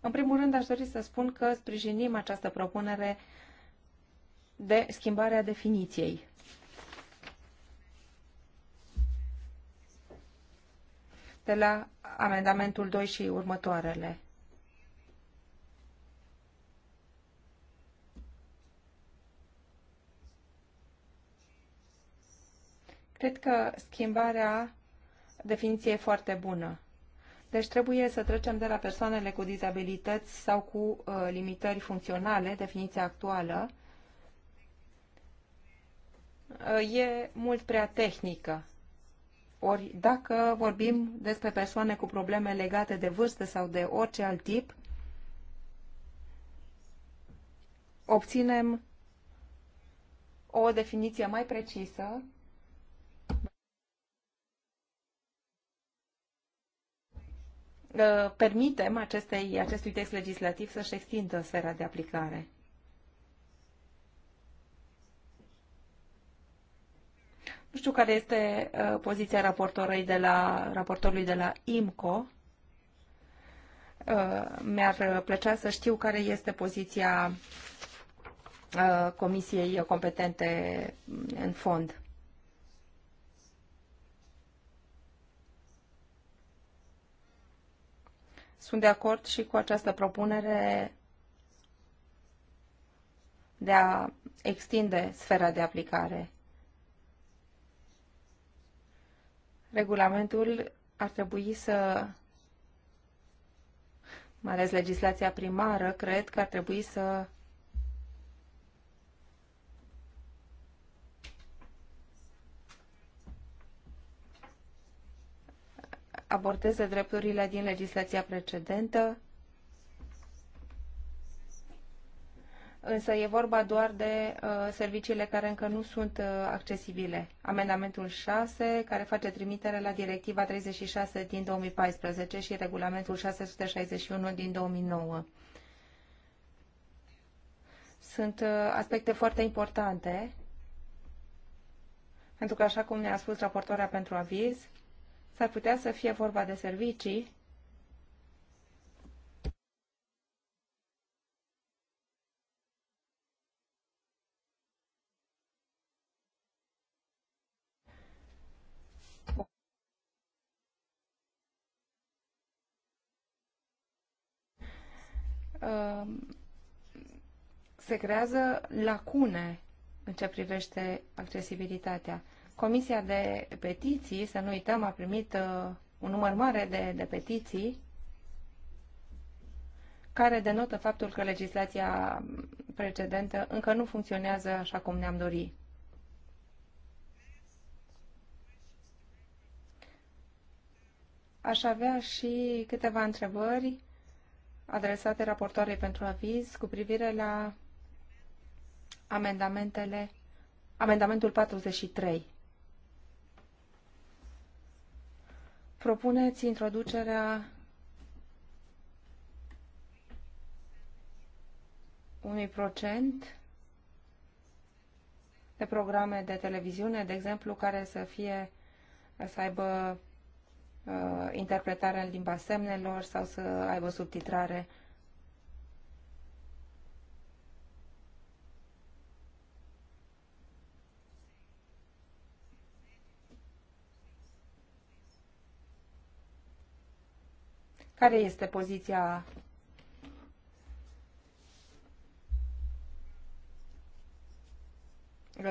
În primul rând, aș dori să spun că sprijinim această propunere de schimbare a definiției. De la amendamentul 2 și următoarele. Cred că schimbarea definiției e foarte bună. Deci trebuie să trecem de la persoanele cu dizabilități sau cu uh, limitări funcționale, definiția actuală, uh, e mult prea tehnică. Ori dacă vorbim despre persoane cu probleme legate de vârstă sau de orice alt tip, obținem o definiție mai precisă Uh, permitem acestei, acestui text legislativ să-și extindă sfera de aplicare. Nu știu care este uh, poziția raportorului de la, raportorului de la IMCO. Uh, mi-ar plăcea să știu care este poziția comisiei competente în fond. Sunt de acord și cu această propunere de a extinde sfera de aplicare. Regulamentul ar trebui să, mai ales legislația primară, cred că ar trebui să abordeze drepturile din legislația precedentă, însă e vorba doar de uh, serviciile care încă nu sunt uh, accesibile. Amendamentul 6, care face trimitere la Directiva 36 din 2014 și Regulamentul 661 din 2009. Sunt uh, aspecte foarte importante, pentru că, așa cum ne-a spus raportoarea pentru aviz, S-ar putea să fie vorba de servicii um, se creează lacune în ce privește accesibilitatea. Comisia de petiții, să nu uităm, a primit uh, un număr mare de, de petiții care denotă faptul că legislația precedentă încă nu funcționează așa cum ne-am dorit. Aș avea și câteva întrebări adresate raportoarei pentru aviz cu privire la amendamentele, amendamentul 43. propuneți introducerea unui procent de programe de televiziune, de exemplu, care să fie să aibă uh, interpretarea în limba semnelor sau să aibă subtitrare Care este poziția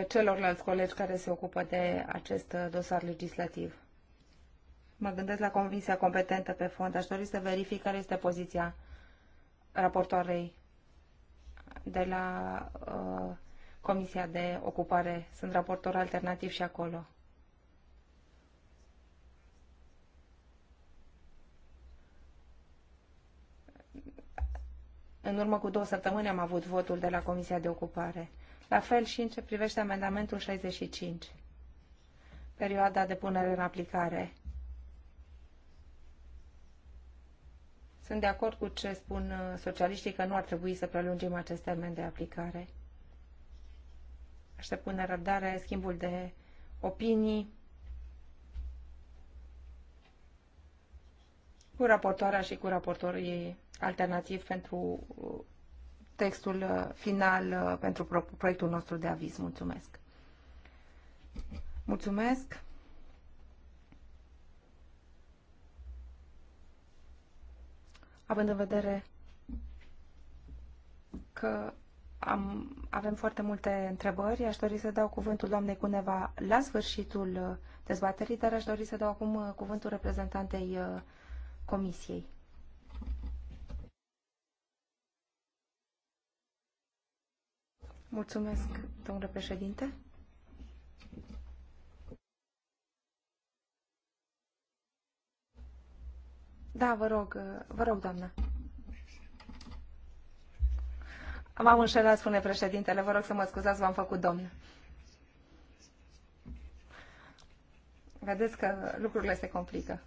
celorlalți colegi care se ocupă de acest dosar legislativ? Mă gândesc la comisia competentă pe fond. Aș dori să verific care este poziția raportoarei de la uh, Comisia de Ocupare. Sunt raportor alternativ și acolo. În urmă cu două săptămâni am avut votul de la Comisia de Ocupare. La fel și în ce privește amendamentul 65. Perioada de punere în aplicare. Sunt de acord cu ce spun uh, socialiștii că nu ar trebui să prelungim acest termen de aplicare. Aștept cu nerăbdare schimbul de opinii cu raportoarea și cu raportorii alternativ pentru uh, textul uh, final uh, pentru proiectul nostru de aviz. Mulțumesc! Mulțumesc! Având în vedere că am, avem foarte multe întrebări, aș dori să dau cuvântul doamnei Cuneva la sfârșitul dezbaterii, dar aș dori să dau acum cuvântul reprezentantei uh, Comisiei. Mulțumesc, domnule președinte. Da, vă rog, vă rog, doamnă. M-am înșelat, spune președintele. Vă rog să mă scuzați, v-am făcut domn. Vedeți că lucrurile se complică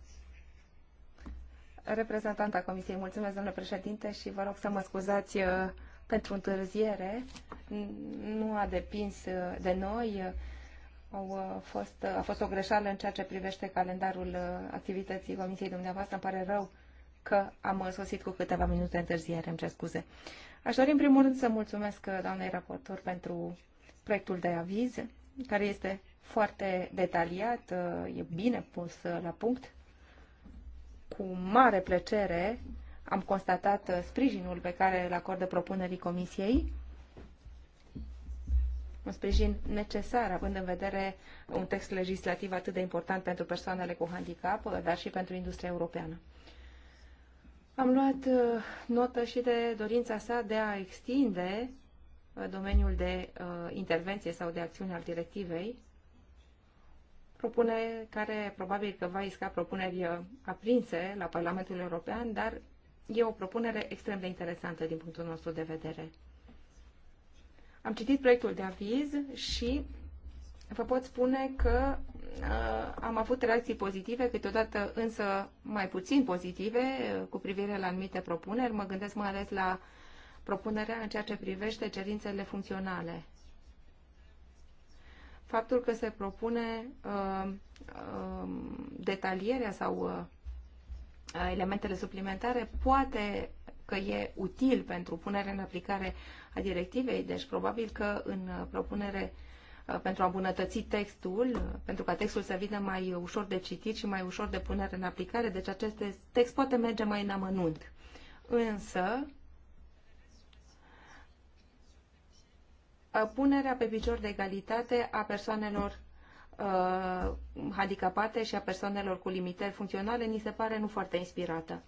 reprezentanta Comisiei. Mulțumesc, domnule președinte, și vă rog să mă scuzați uh, pentru întârziere. Nu a depins uh, de noi. Au uh, fost, a fost o greșeală în ceea ce privește calendarul activității Comisiei dumneavoastră. Îmi pare rău că am sosit cu câteva minute întârziere, îmi cer scuze. Aș dori în primul rând să mulțumesc doamnei raportor pentru proiectul de aviz, care este foarte detaliat, e bine pus la punct cu mare plăcere am constatat uh, sprijinul pe care îl acordă propunerii Comisiei, un sprijin necesar, având în vedere un text legislativ atât de important pentru persoanele cu handicap, uh, dar și pentru industria europeană. Am luat uh, notă și de dorința sa de a extinde domeniul de intervenție sau de acțiune al directivei propune, care probabil că va isca propuneri uh, aprinse la Parlamentul European, dar e o propunere extrem de interesantă din punctul nostru de vedere. Am citit proiectul de aviz și vă pot spune că uh, am avut reacții pozitive, câteodată însă mai puțin pozitive uh, cu privire la anumite propuneri. Mă gândesc mai ales la propunerea în ceea ce privește cerințele funcționale faptul că se propune uh, uh, detalierea sau uh, elementele suplimentare poate că e util pentru punerea în aplicare a directivei, deci probabil că în propunere uh, pentru a îmbunătăți textul, uh, pentru ca textul să vină mai ușor de citit și mai ușor de punere în aplicare, deci acest text poate merge mai în amănunt. Însă, Uh, punerea pe picior de egalitate a persoanelor uh, handicapate și a persoanelor cu limitări funcționale ni se pare nu foarte inspirată.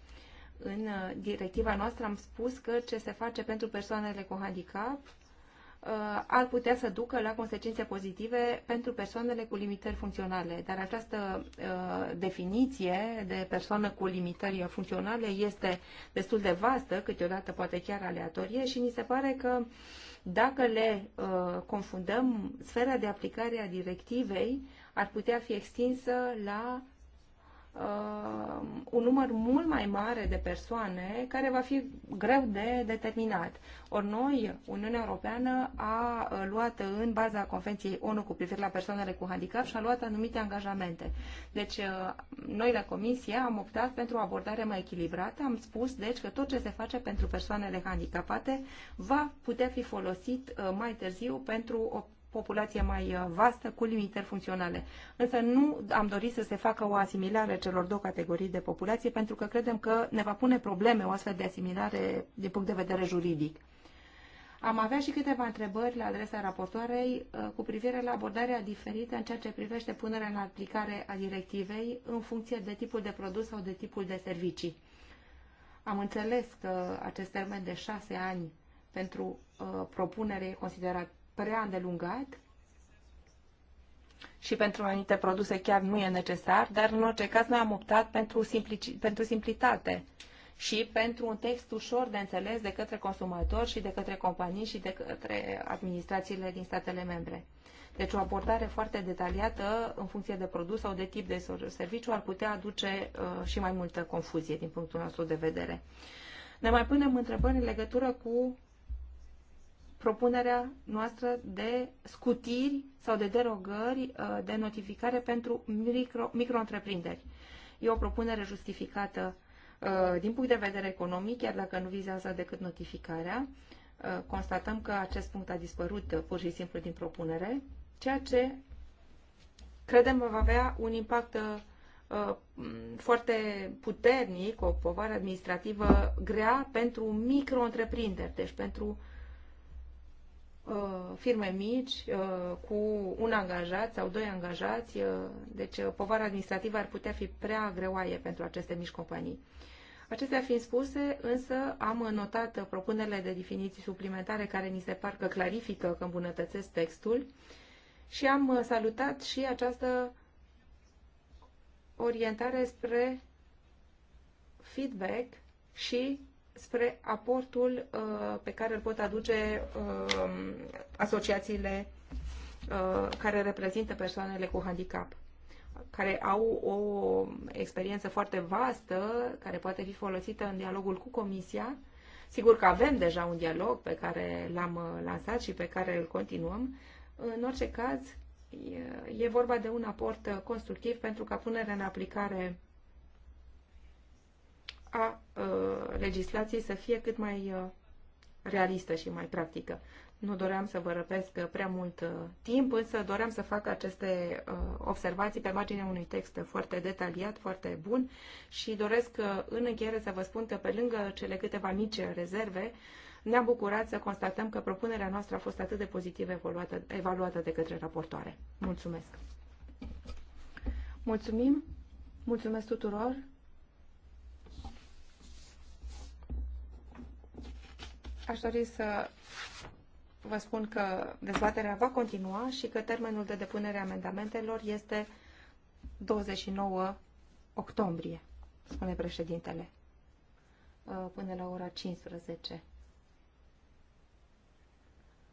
În uh, directiva noastră am spus că ce se face pentru persoanele cu handicap uh, ar putea să ducă la consecințe pozitive pentru persoanele cu limitări funcționale. Dar această uh, definiție de persoană cu limitări funcționale este destul de vastă, câteodată poate chiar aleatorie și ni se pare că uh, dacă le uh, confundăm, sfera de aplicare a directivei ar putea fi extinsă la uh, un număr mult mai mare de persoane care va fi greu de determinat. Ori noi, Uniunea Europeană, a uh, luat în baza Convenției ONU cu privire la persoanele cu handicap și a luat anumite angajamente. Deci, uh, noi la Comisie am optat pentru o abordare mai echilibrată. Am spus, deci, că tot ce se face pentru persoanele handicapate va putea fi folosit uh, mai târziu pentru o populație mai uh, vastă cu limitări funcționale. Însă nu am dorit să se facă o asimilare celor două categorii de populație pentru că credem că ne va pune probleme o astfel de asimilare din punct de vedere juridic. Am avea și câteva întrebări la adresa raportoarei uh, cu privire la abordarea diferită în ceea ce privește punerea în aplicare a directivei în funcție de tipul de produs sau de tipul de servicii. Am înțeles că acest termen de șase ani pentru uh, propunere e considerat prea îndelungat și pentru anumite produse chiar nu e necesar, dar în orice caz noi am optat pentru, simplici, pentru simplitate și pentru un text ușor de înțeles de către consumatori și de către companii și de către administrațiile din statele membre. Deci o abordare foarte detaliată în funcție de produs sau de tip de serviciu ar putea aduce uh, și mai multă confuzie din punctul nostru de vedere. Ne mai punem întrebări în legătură cu propunerea noastră de scutiri sau de derogări uh, de notificare pentru micro, micro E o propunere justificată uh, din punct de vedere economic, chiar dacă nu vizează decât notificarea. Uh, constatăm că acest punct a dispărut pur și simplu din propunere, ceea ce credem va avea un impact mm, foarte puternic, o povară administrativă grea pentru micro-întreprinderi, deci pentru uh, Uh, firme mici uh, cu un angajat sau doi angajați, uh, deci povara administrativă ar putea fi prea greoaie pentru aceste mici companii. Acestea fiind spuse, însă am notat propunerile de definiții suplimentare care ni se par că clarifică, că îmbunătățesc textul și am salutat și această orientare spre feedback și spre aportul uh, pe care îl pot aduce um, asociațiile uh, care reprezintă persoanele cu handicap care au o experiență foarte vastă, care poate fi folosită în dialogul cu Comisia. Sigur că avem deja un dialog pe care l-am uh, lansat și pe care îl continuăm. În orice caz, e vorba de un aport constructiv pentru ca punerea în aplicare a uh, legislației să fie cât mai uh, realistă și mai practică. Nu doream să vă răpesc uh, prea mult timp, însă doream să fac aceste observații pe marginea unui text foarte detaliat, foarte bun și doresc în încheiere să vă spun că pe lângă cele câteva mici rezerve, ne-am bucurat să constatăm că propunerea noastră a fost atât de pozitiv evaluată, evaluată de către raportoare. Mulțumesc! Mulțumim! Mulțumesc tuturor! Aș dori să vă spun că dezbaterea va continua și că termenul de depunere a amendamentelor este 29 octombrie, spune președintele, uh, până la ora 15.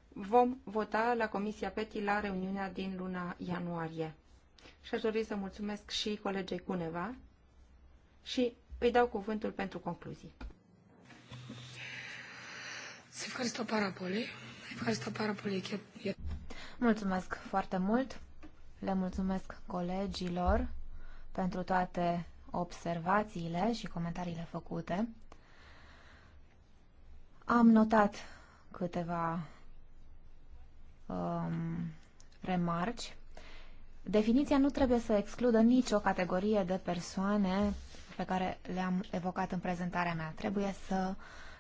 Vom vota la Comisia PETI la reuniunea din luna ianuarie. Și aș dori să mulțumesc și colegei Cuneva și îi dau cuvântul pentru concluzii. Mulțumesc foarte mult. Le mulțumesc colegilor pentru toate observațiile și comentariile făcute. Am notat câteva um, remarci. Definiția nu trebuie să excludă nicio categorie de persoane pe care le-am evocat în prezentarea mea. Trebuie să uh,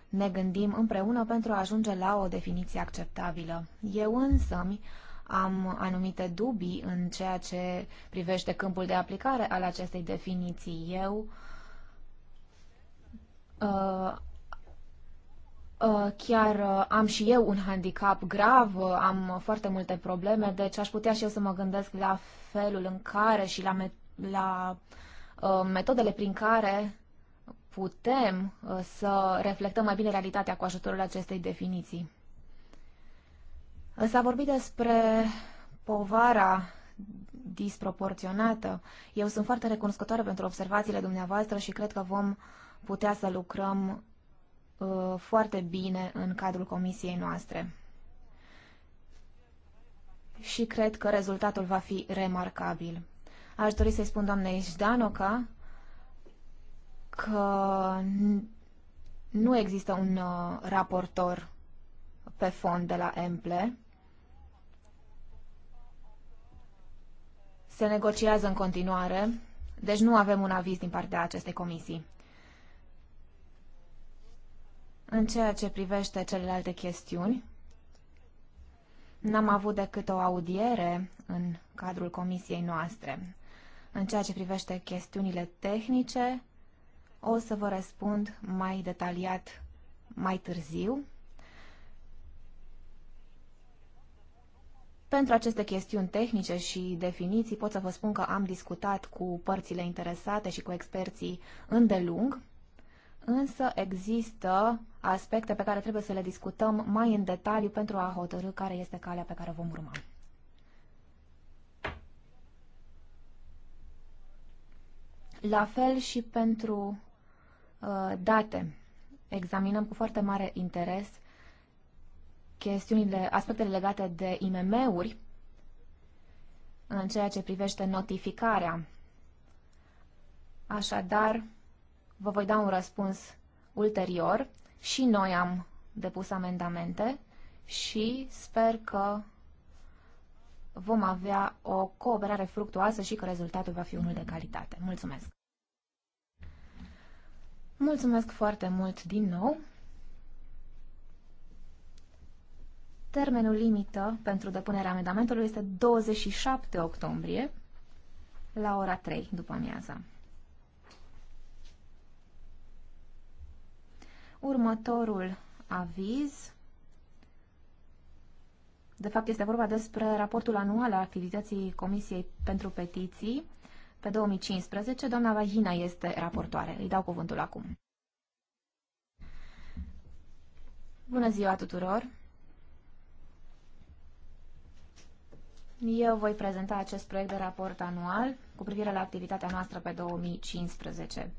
ne gândim împreună pentru a ajunge la o definiție acceptabilă. Eu însă am anumite dubii în ceea ce privește câmpul de aplicare al acestei definiții. Eu uh, uh, chiar uh, am și eu un handicap grav, uh, am foarte multe probleme, deci aș putea și eu să mă gândesc la felul în care și la, me- la uh, metodele prin care putem uh, să reflectăm mai bine realitatea cu ajutorul acestei definiții. S-a vorbit despre povara disproporționată. Eu sunt foarte recunoscătoare pentru observațiile dumneavoastră și cred că vom putea să lucrăm uh, foarte bine în cadrul comisiei noastre. Și cred că rezultatul va fi remarcabil. Aș dori să-i spun doamnei Jdanoca că nu există un uh, raportor pe fond de la EMPLE. Se negociază în continuare, deci nu avem un aviz din partea acestei comisii. În ceea ce privește celelalte chestiuni, n-am avut decât o audiere în cadrul comisiei noastre. În ceea ce privește chestiunile tehnice, o să vă răspund mai detaliat mai târziu. Pentru aceste chestiuni tehnice și definiții pot să vă spun că am discutat cu părțile interesate și cu experții îndelung, însă există aspecte pe care trebuie să le discutăm mai în detaliu pentru a hotărâ care este calea pe care vom urma. La fel și pentru Uh, date. Examinăm cu foarte mare interes chestiunile, aspectele legate de IMM-uri în ceea ce privește notificarea. Așadar, vă voi da un răspuns ulterior și noi am depus amendamente și sper că vom avea o cooperare fructuoasă și că rezultatul va fi unul de calitate. Mulțumesc! Mulțumesc foarte mult din nou. Termenul limită pentru depunerea amendamentului este 27 octombrie la ora 3 după amiaza. Următorul aviz de fapt, este vorba despre raportul anual al activității Comisiei pentru Petiții pe 2015. Doamna Vagina este raportoare. Îi dau cuvântul acum. Bună ziua tuturor! Eu voi prezenta acest proiect de raport anual cu privire la activitatea noastră pe 2015.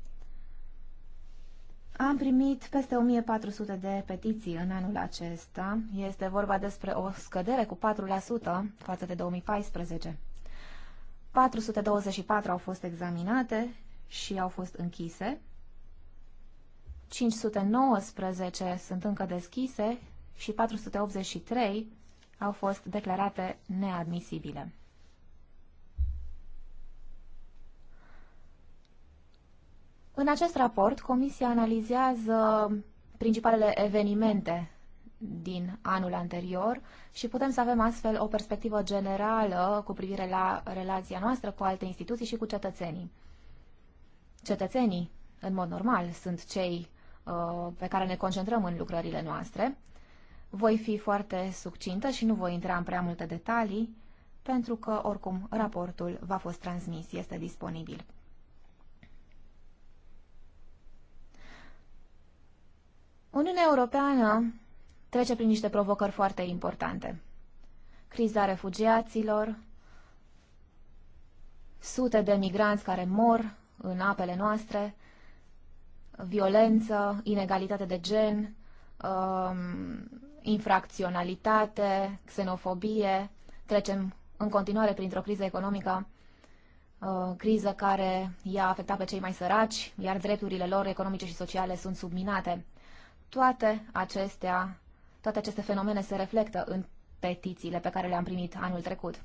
Am primit peste 1400 de petiții în anul acesta. Este vorba despre o scădere cu 4% față de 2014. 424 au fost examinate și au fost închise. 519 sunt încă deschise și 483 au fost declarate neadmisibile. În acest raport, Comisia analizează principalele evenimente din anul anterior și putem să avem astfel o perspectivă generală cu privire la relația noastră cu alte instituții și cu cetățenii. Cetățenii, în mod normal, sunt cei uh, pe care ne concentrăm în lucrările noastre. Voi fi foarte succintă și nu voi intra în prea multe detalii, pentru că, oricum, raportul va fost transmis, este disponibil. Uniunea Europeană trece prin niște provocări foarte importante. Criza refugiaților, sute de migranți care mor în apele noastre, violență, inegalitate de gen, um, infracționalitate, xenofobie. Trecem în continuare printr-o criză economică, uh, criză care i-a afectat pe cei mai săraci, iar drepturile lor economice și sociale sunt subminate. Toate acestea toate aceste fenomene se reflectă în petițiile pe care le-am primit anul trecut.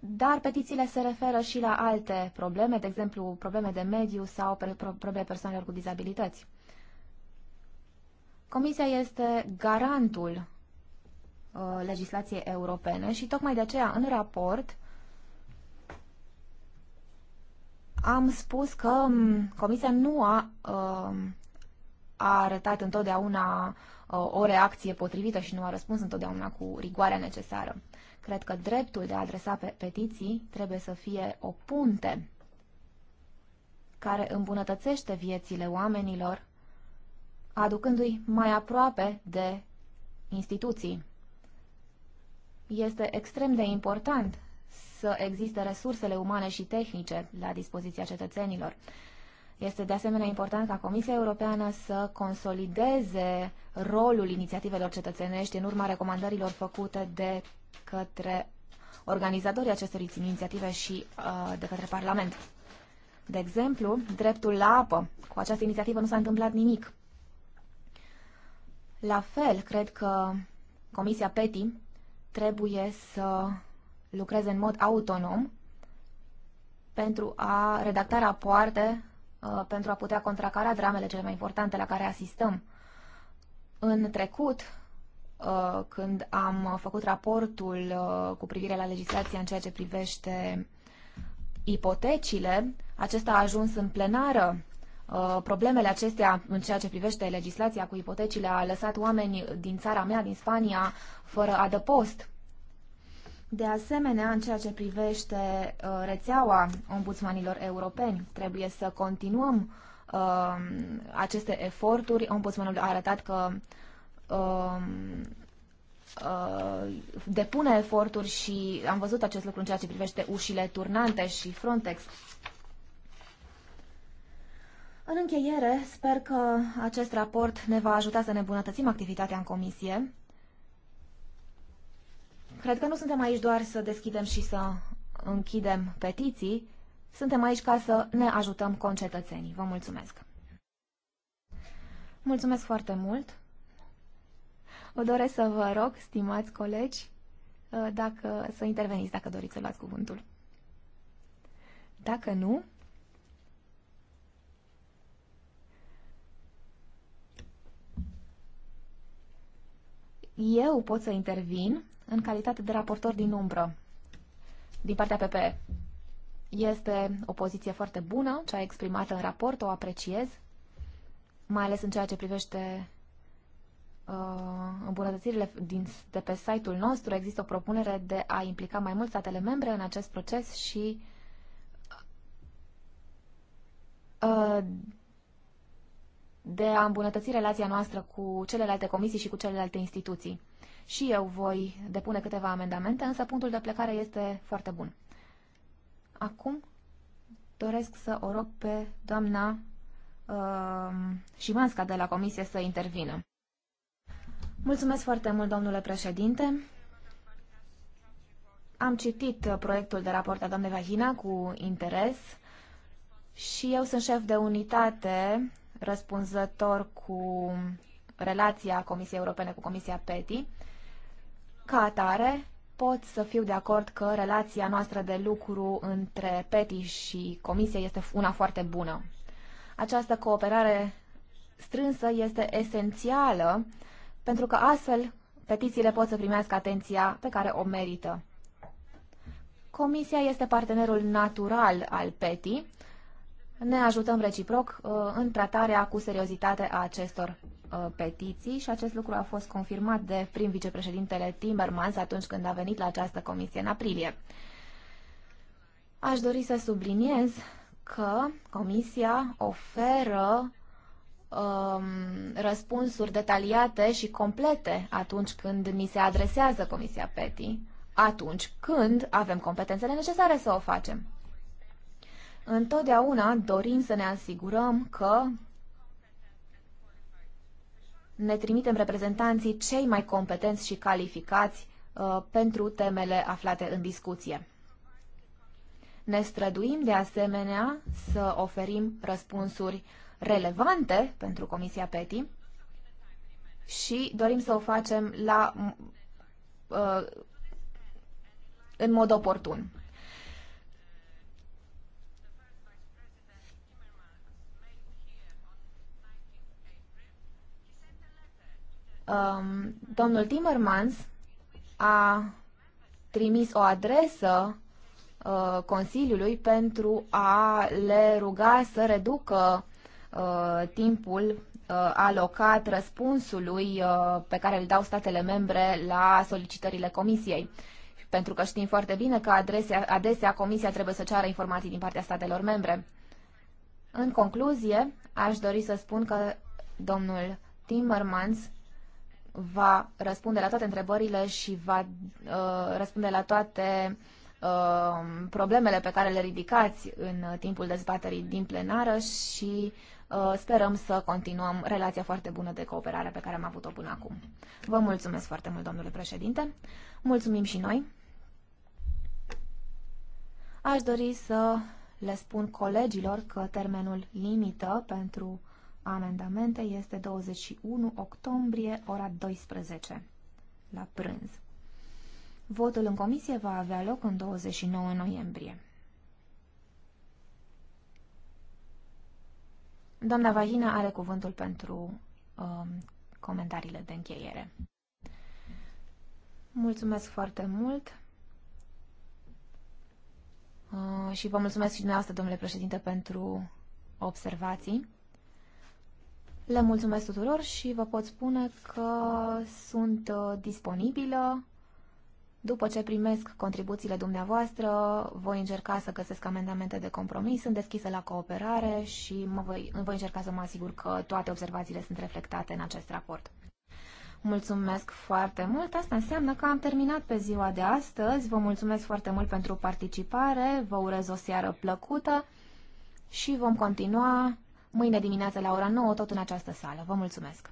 Dar petițiile se referă și la alte probleme, de exemplu probleme de mediu sau probleme persoanelor cu dizabilități. Comisia este garantul uh, legislației europene și tocmai de aceea în raport am spus că mm, Comisia nu a, um, a arătat întotdeauna uh, o reacție potrivită și nu a răspuns întotdeauna cu rigoarea necesară. Cred că dreptul de a adresa pe petiții trebuie să fie o punte care îmbunătățește viețile oamenilor, aducându-i mai aproape de instituții. Este extrem de important să existe resursele umane și tehnice la dispoziția cetățenilor. Este de asemenea important ca Comisia Europeană să consolideze rolul inițiativelor cetățenești în urma recomandărilor făcute de către organizatorii acestor inițiative și uh, de către Parlament. De exemplu, dreptul la apă. Cu această inițiativă nu s-a întâmplat nimic. La fel, cred că Comisia PETI trebuie să lucreze în mod autonom pentru a redacta rapoarte uh, pentru a putea contracara dramele cele mai importante la care asistăm. În trecut, uh, când am făcut raportul uh, cu privire la legislația în ceea ce privește ipotecile, acesta a ajuns în plenară. Problemele acestea în ceea ce privește legislația cu ipotecile a lăsat oameni din țara mea, din Spania, fără adăpost. De asemenea, în ceea ce privește uh, rețeaua ombudsmanilor europeni, trebuie să continuăm uh, aceste eforturi. Ombudsmanul a arătat că um, uh, depune eforturi și am văzut acest lucru în ceea ce privește ușile turnante și Frontex. În încheiere, sper că acest raport ne va ajuta să ne îmbunătățim activitatea în comisie Cred că nu suntem aici doar să deschidem și să închidem petiții, suntem aici ca să ne ajutăm concetățenii. Vă mulțumesc! Mulțumesc foarte mult! Vă doresc să vă rog, stimați colegi, uh, dacă, să interveniți dacă doriți să luați cuvântul. Dacă nu, eu pot să intervin în calitate de raportor din umbră din partea PPE. Este o poziție foarte bună, cea exprimată în raport, o apreciez, mai ales în ceea ce privește uh, îmbunătățirile din, de pe site-ul nostru. Există o propunere de a implica mai mult statele membre în acest proces și uh, de a îmbunătăți relația noastră cu celelalte comisii și cu celelalte instituții și eu voi depune câteva amendamente, însă punctul de plecare este foarte bun. Acum doresc să o rog pe doamna uh, Șimanska de la Comisie să intervină. Mulțumesc foarte mult, domnule președinte. Am citit proiectul de raport a doamnei Vahina cu interes și eu sunt șef de unitate răspunzător cu relația Comisiei Europene cu Comisia PETI ca atare, pot să fiu de acord că relația noastră de lucru între PETI și Comisie este una foarte bună. Această cooperare strânsă este esențială pentru că astfel petițiile pot să primească atenția pe care o merită. Comisia este partenerul natural al PETI. Ne ajutăm reciproc uh, în tratarea cu seriozitate a acestor uh, petiții și acest lucru a fost confirmat de prim vicepreședintele Timmermans atunci când a venit la această comisie în aprilie. Aș dori să subliniez că comisia oferă um, răspunsuri detaliate și complete atunci când ni se adresează comisia PETI, atunci când avem competențele necesare să o facem. Întotdeauna dorim să ne asigurăm că ne trimitem reprezentanții cei mai competenți și calificați uh, pentru temele aflate în discuție. Ne străduim de asemenea să oferim răspunsuri relevante pentru Comisia PETI și dorim să o facem la, uh, în mod oportun. Um, domnul Timmermans a trimis o adresă uh, Consiliului pentru a le ruga să reducă uh, timpul uh, alocat răspunsului uh, pe care îl dau statele membre la solicitările Comisiei. Pentru că știm foarte bine că adresea, adesea Comisia trebuie să ceară informații din partea statelor membre. În concluzie, aș dori să spun că domnul Timmermans va răspunde la toate întrebările și va uh, răspunde la toate uh, problemele pe care le ridicați în timpul dezbaterii din plenară și uh, sperăm să continuăm relația foarte bună de cooperare pe care am avut-o până acum. Vă mulțumesc foarte mult, domnule președinte. Mulțumim și noi. Aș dori să le spun colegilor că termenul limită pentru amendamente este 21 octombrie, ora 12, la prânz. Votul în comisie va avea loc în 29 noiembrie. Doamna Vahina are cuvântul pentru um, comentariile de încheiere. Mulțumesc foarte mult uh, și vă mulțumesc și dumneavoastră, domnule președinte, pentru observații. Le mulțumesc tuturor și vă pot spune că sunt uh, disponibilă. După ce primesc contribuțiile dumneavoastră, voi încerca să găsesc amendamente de compromis, sunt deschisă la cooperare și mă voi, voi încerca să mă asigur că toate observațiile sunt reflectate în acest raport. Mulțumesc foarte mult. Asta înseamnă că am terminat pe ziua de astăzi. Vă mulțumesc foarte mult pentru participare. Vă urez o seară plăcută și vom continua mâine dimineață la ora 9, tot în această sală. Vă mulțumesc!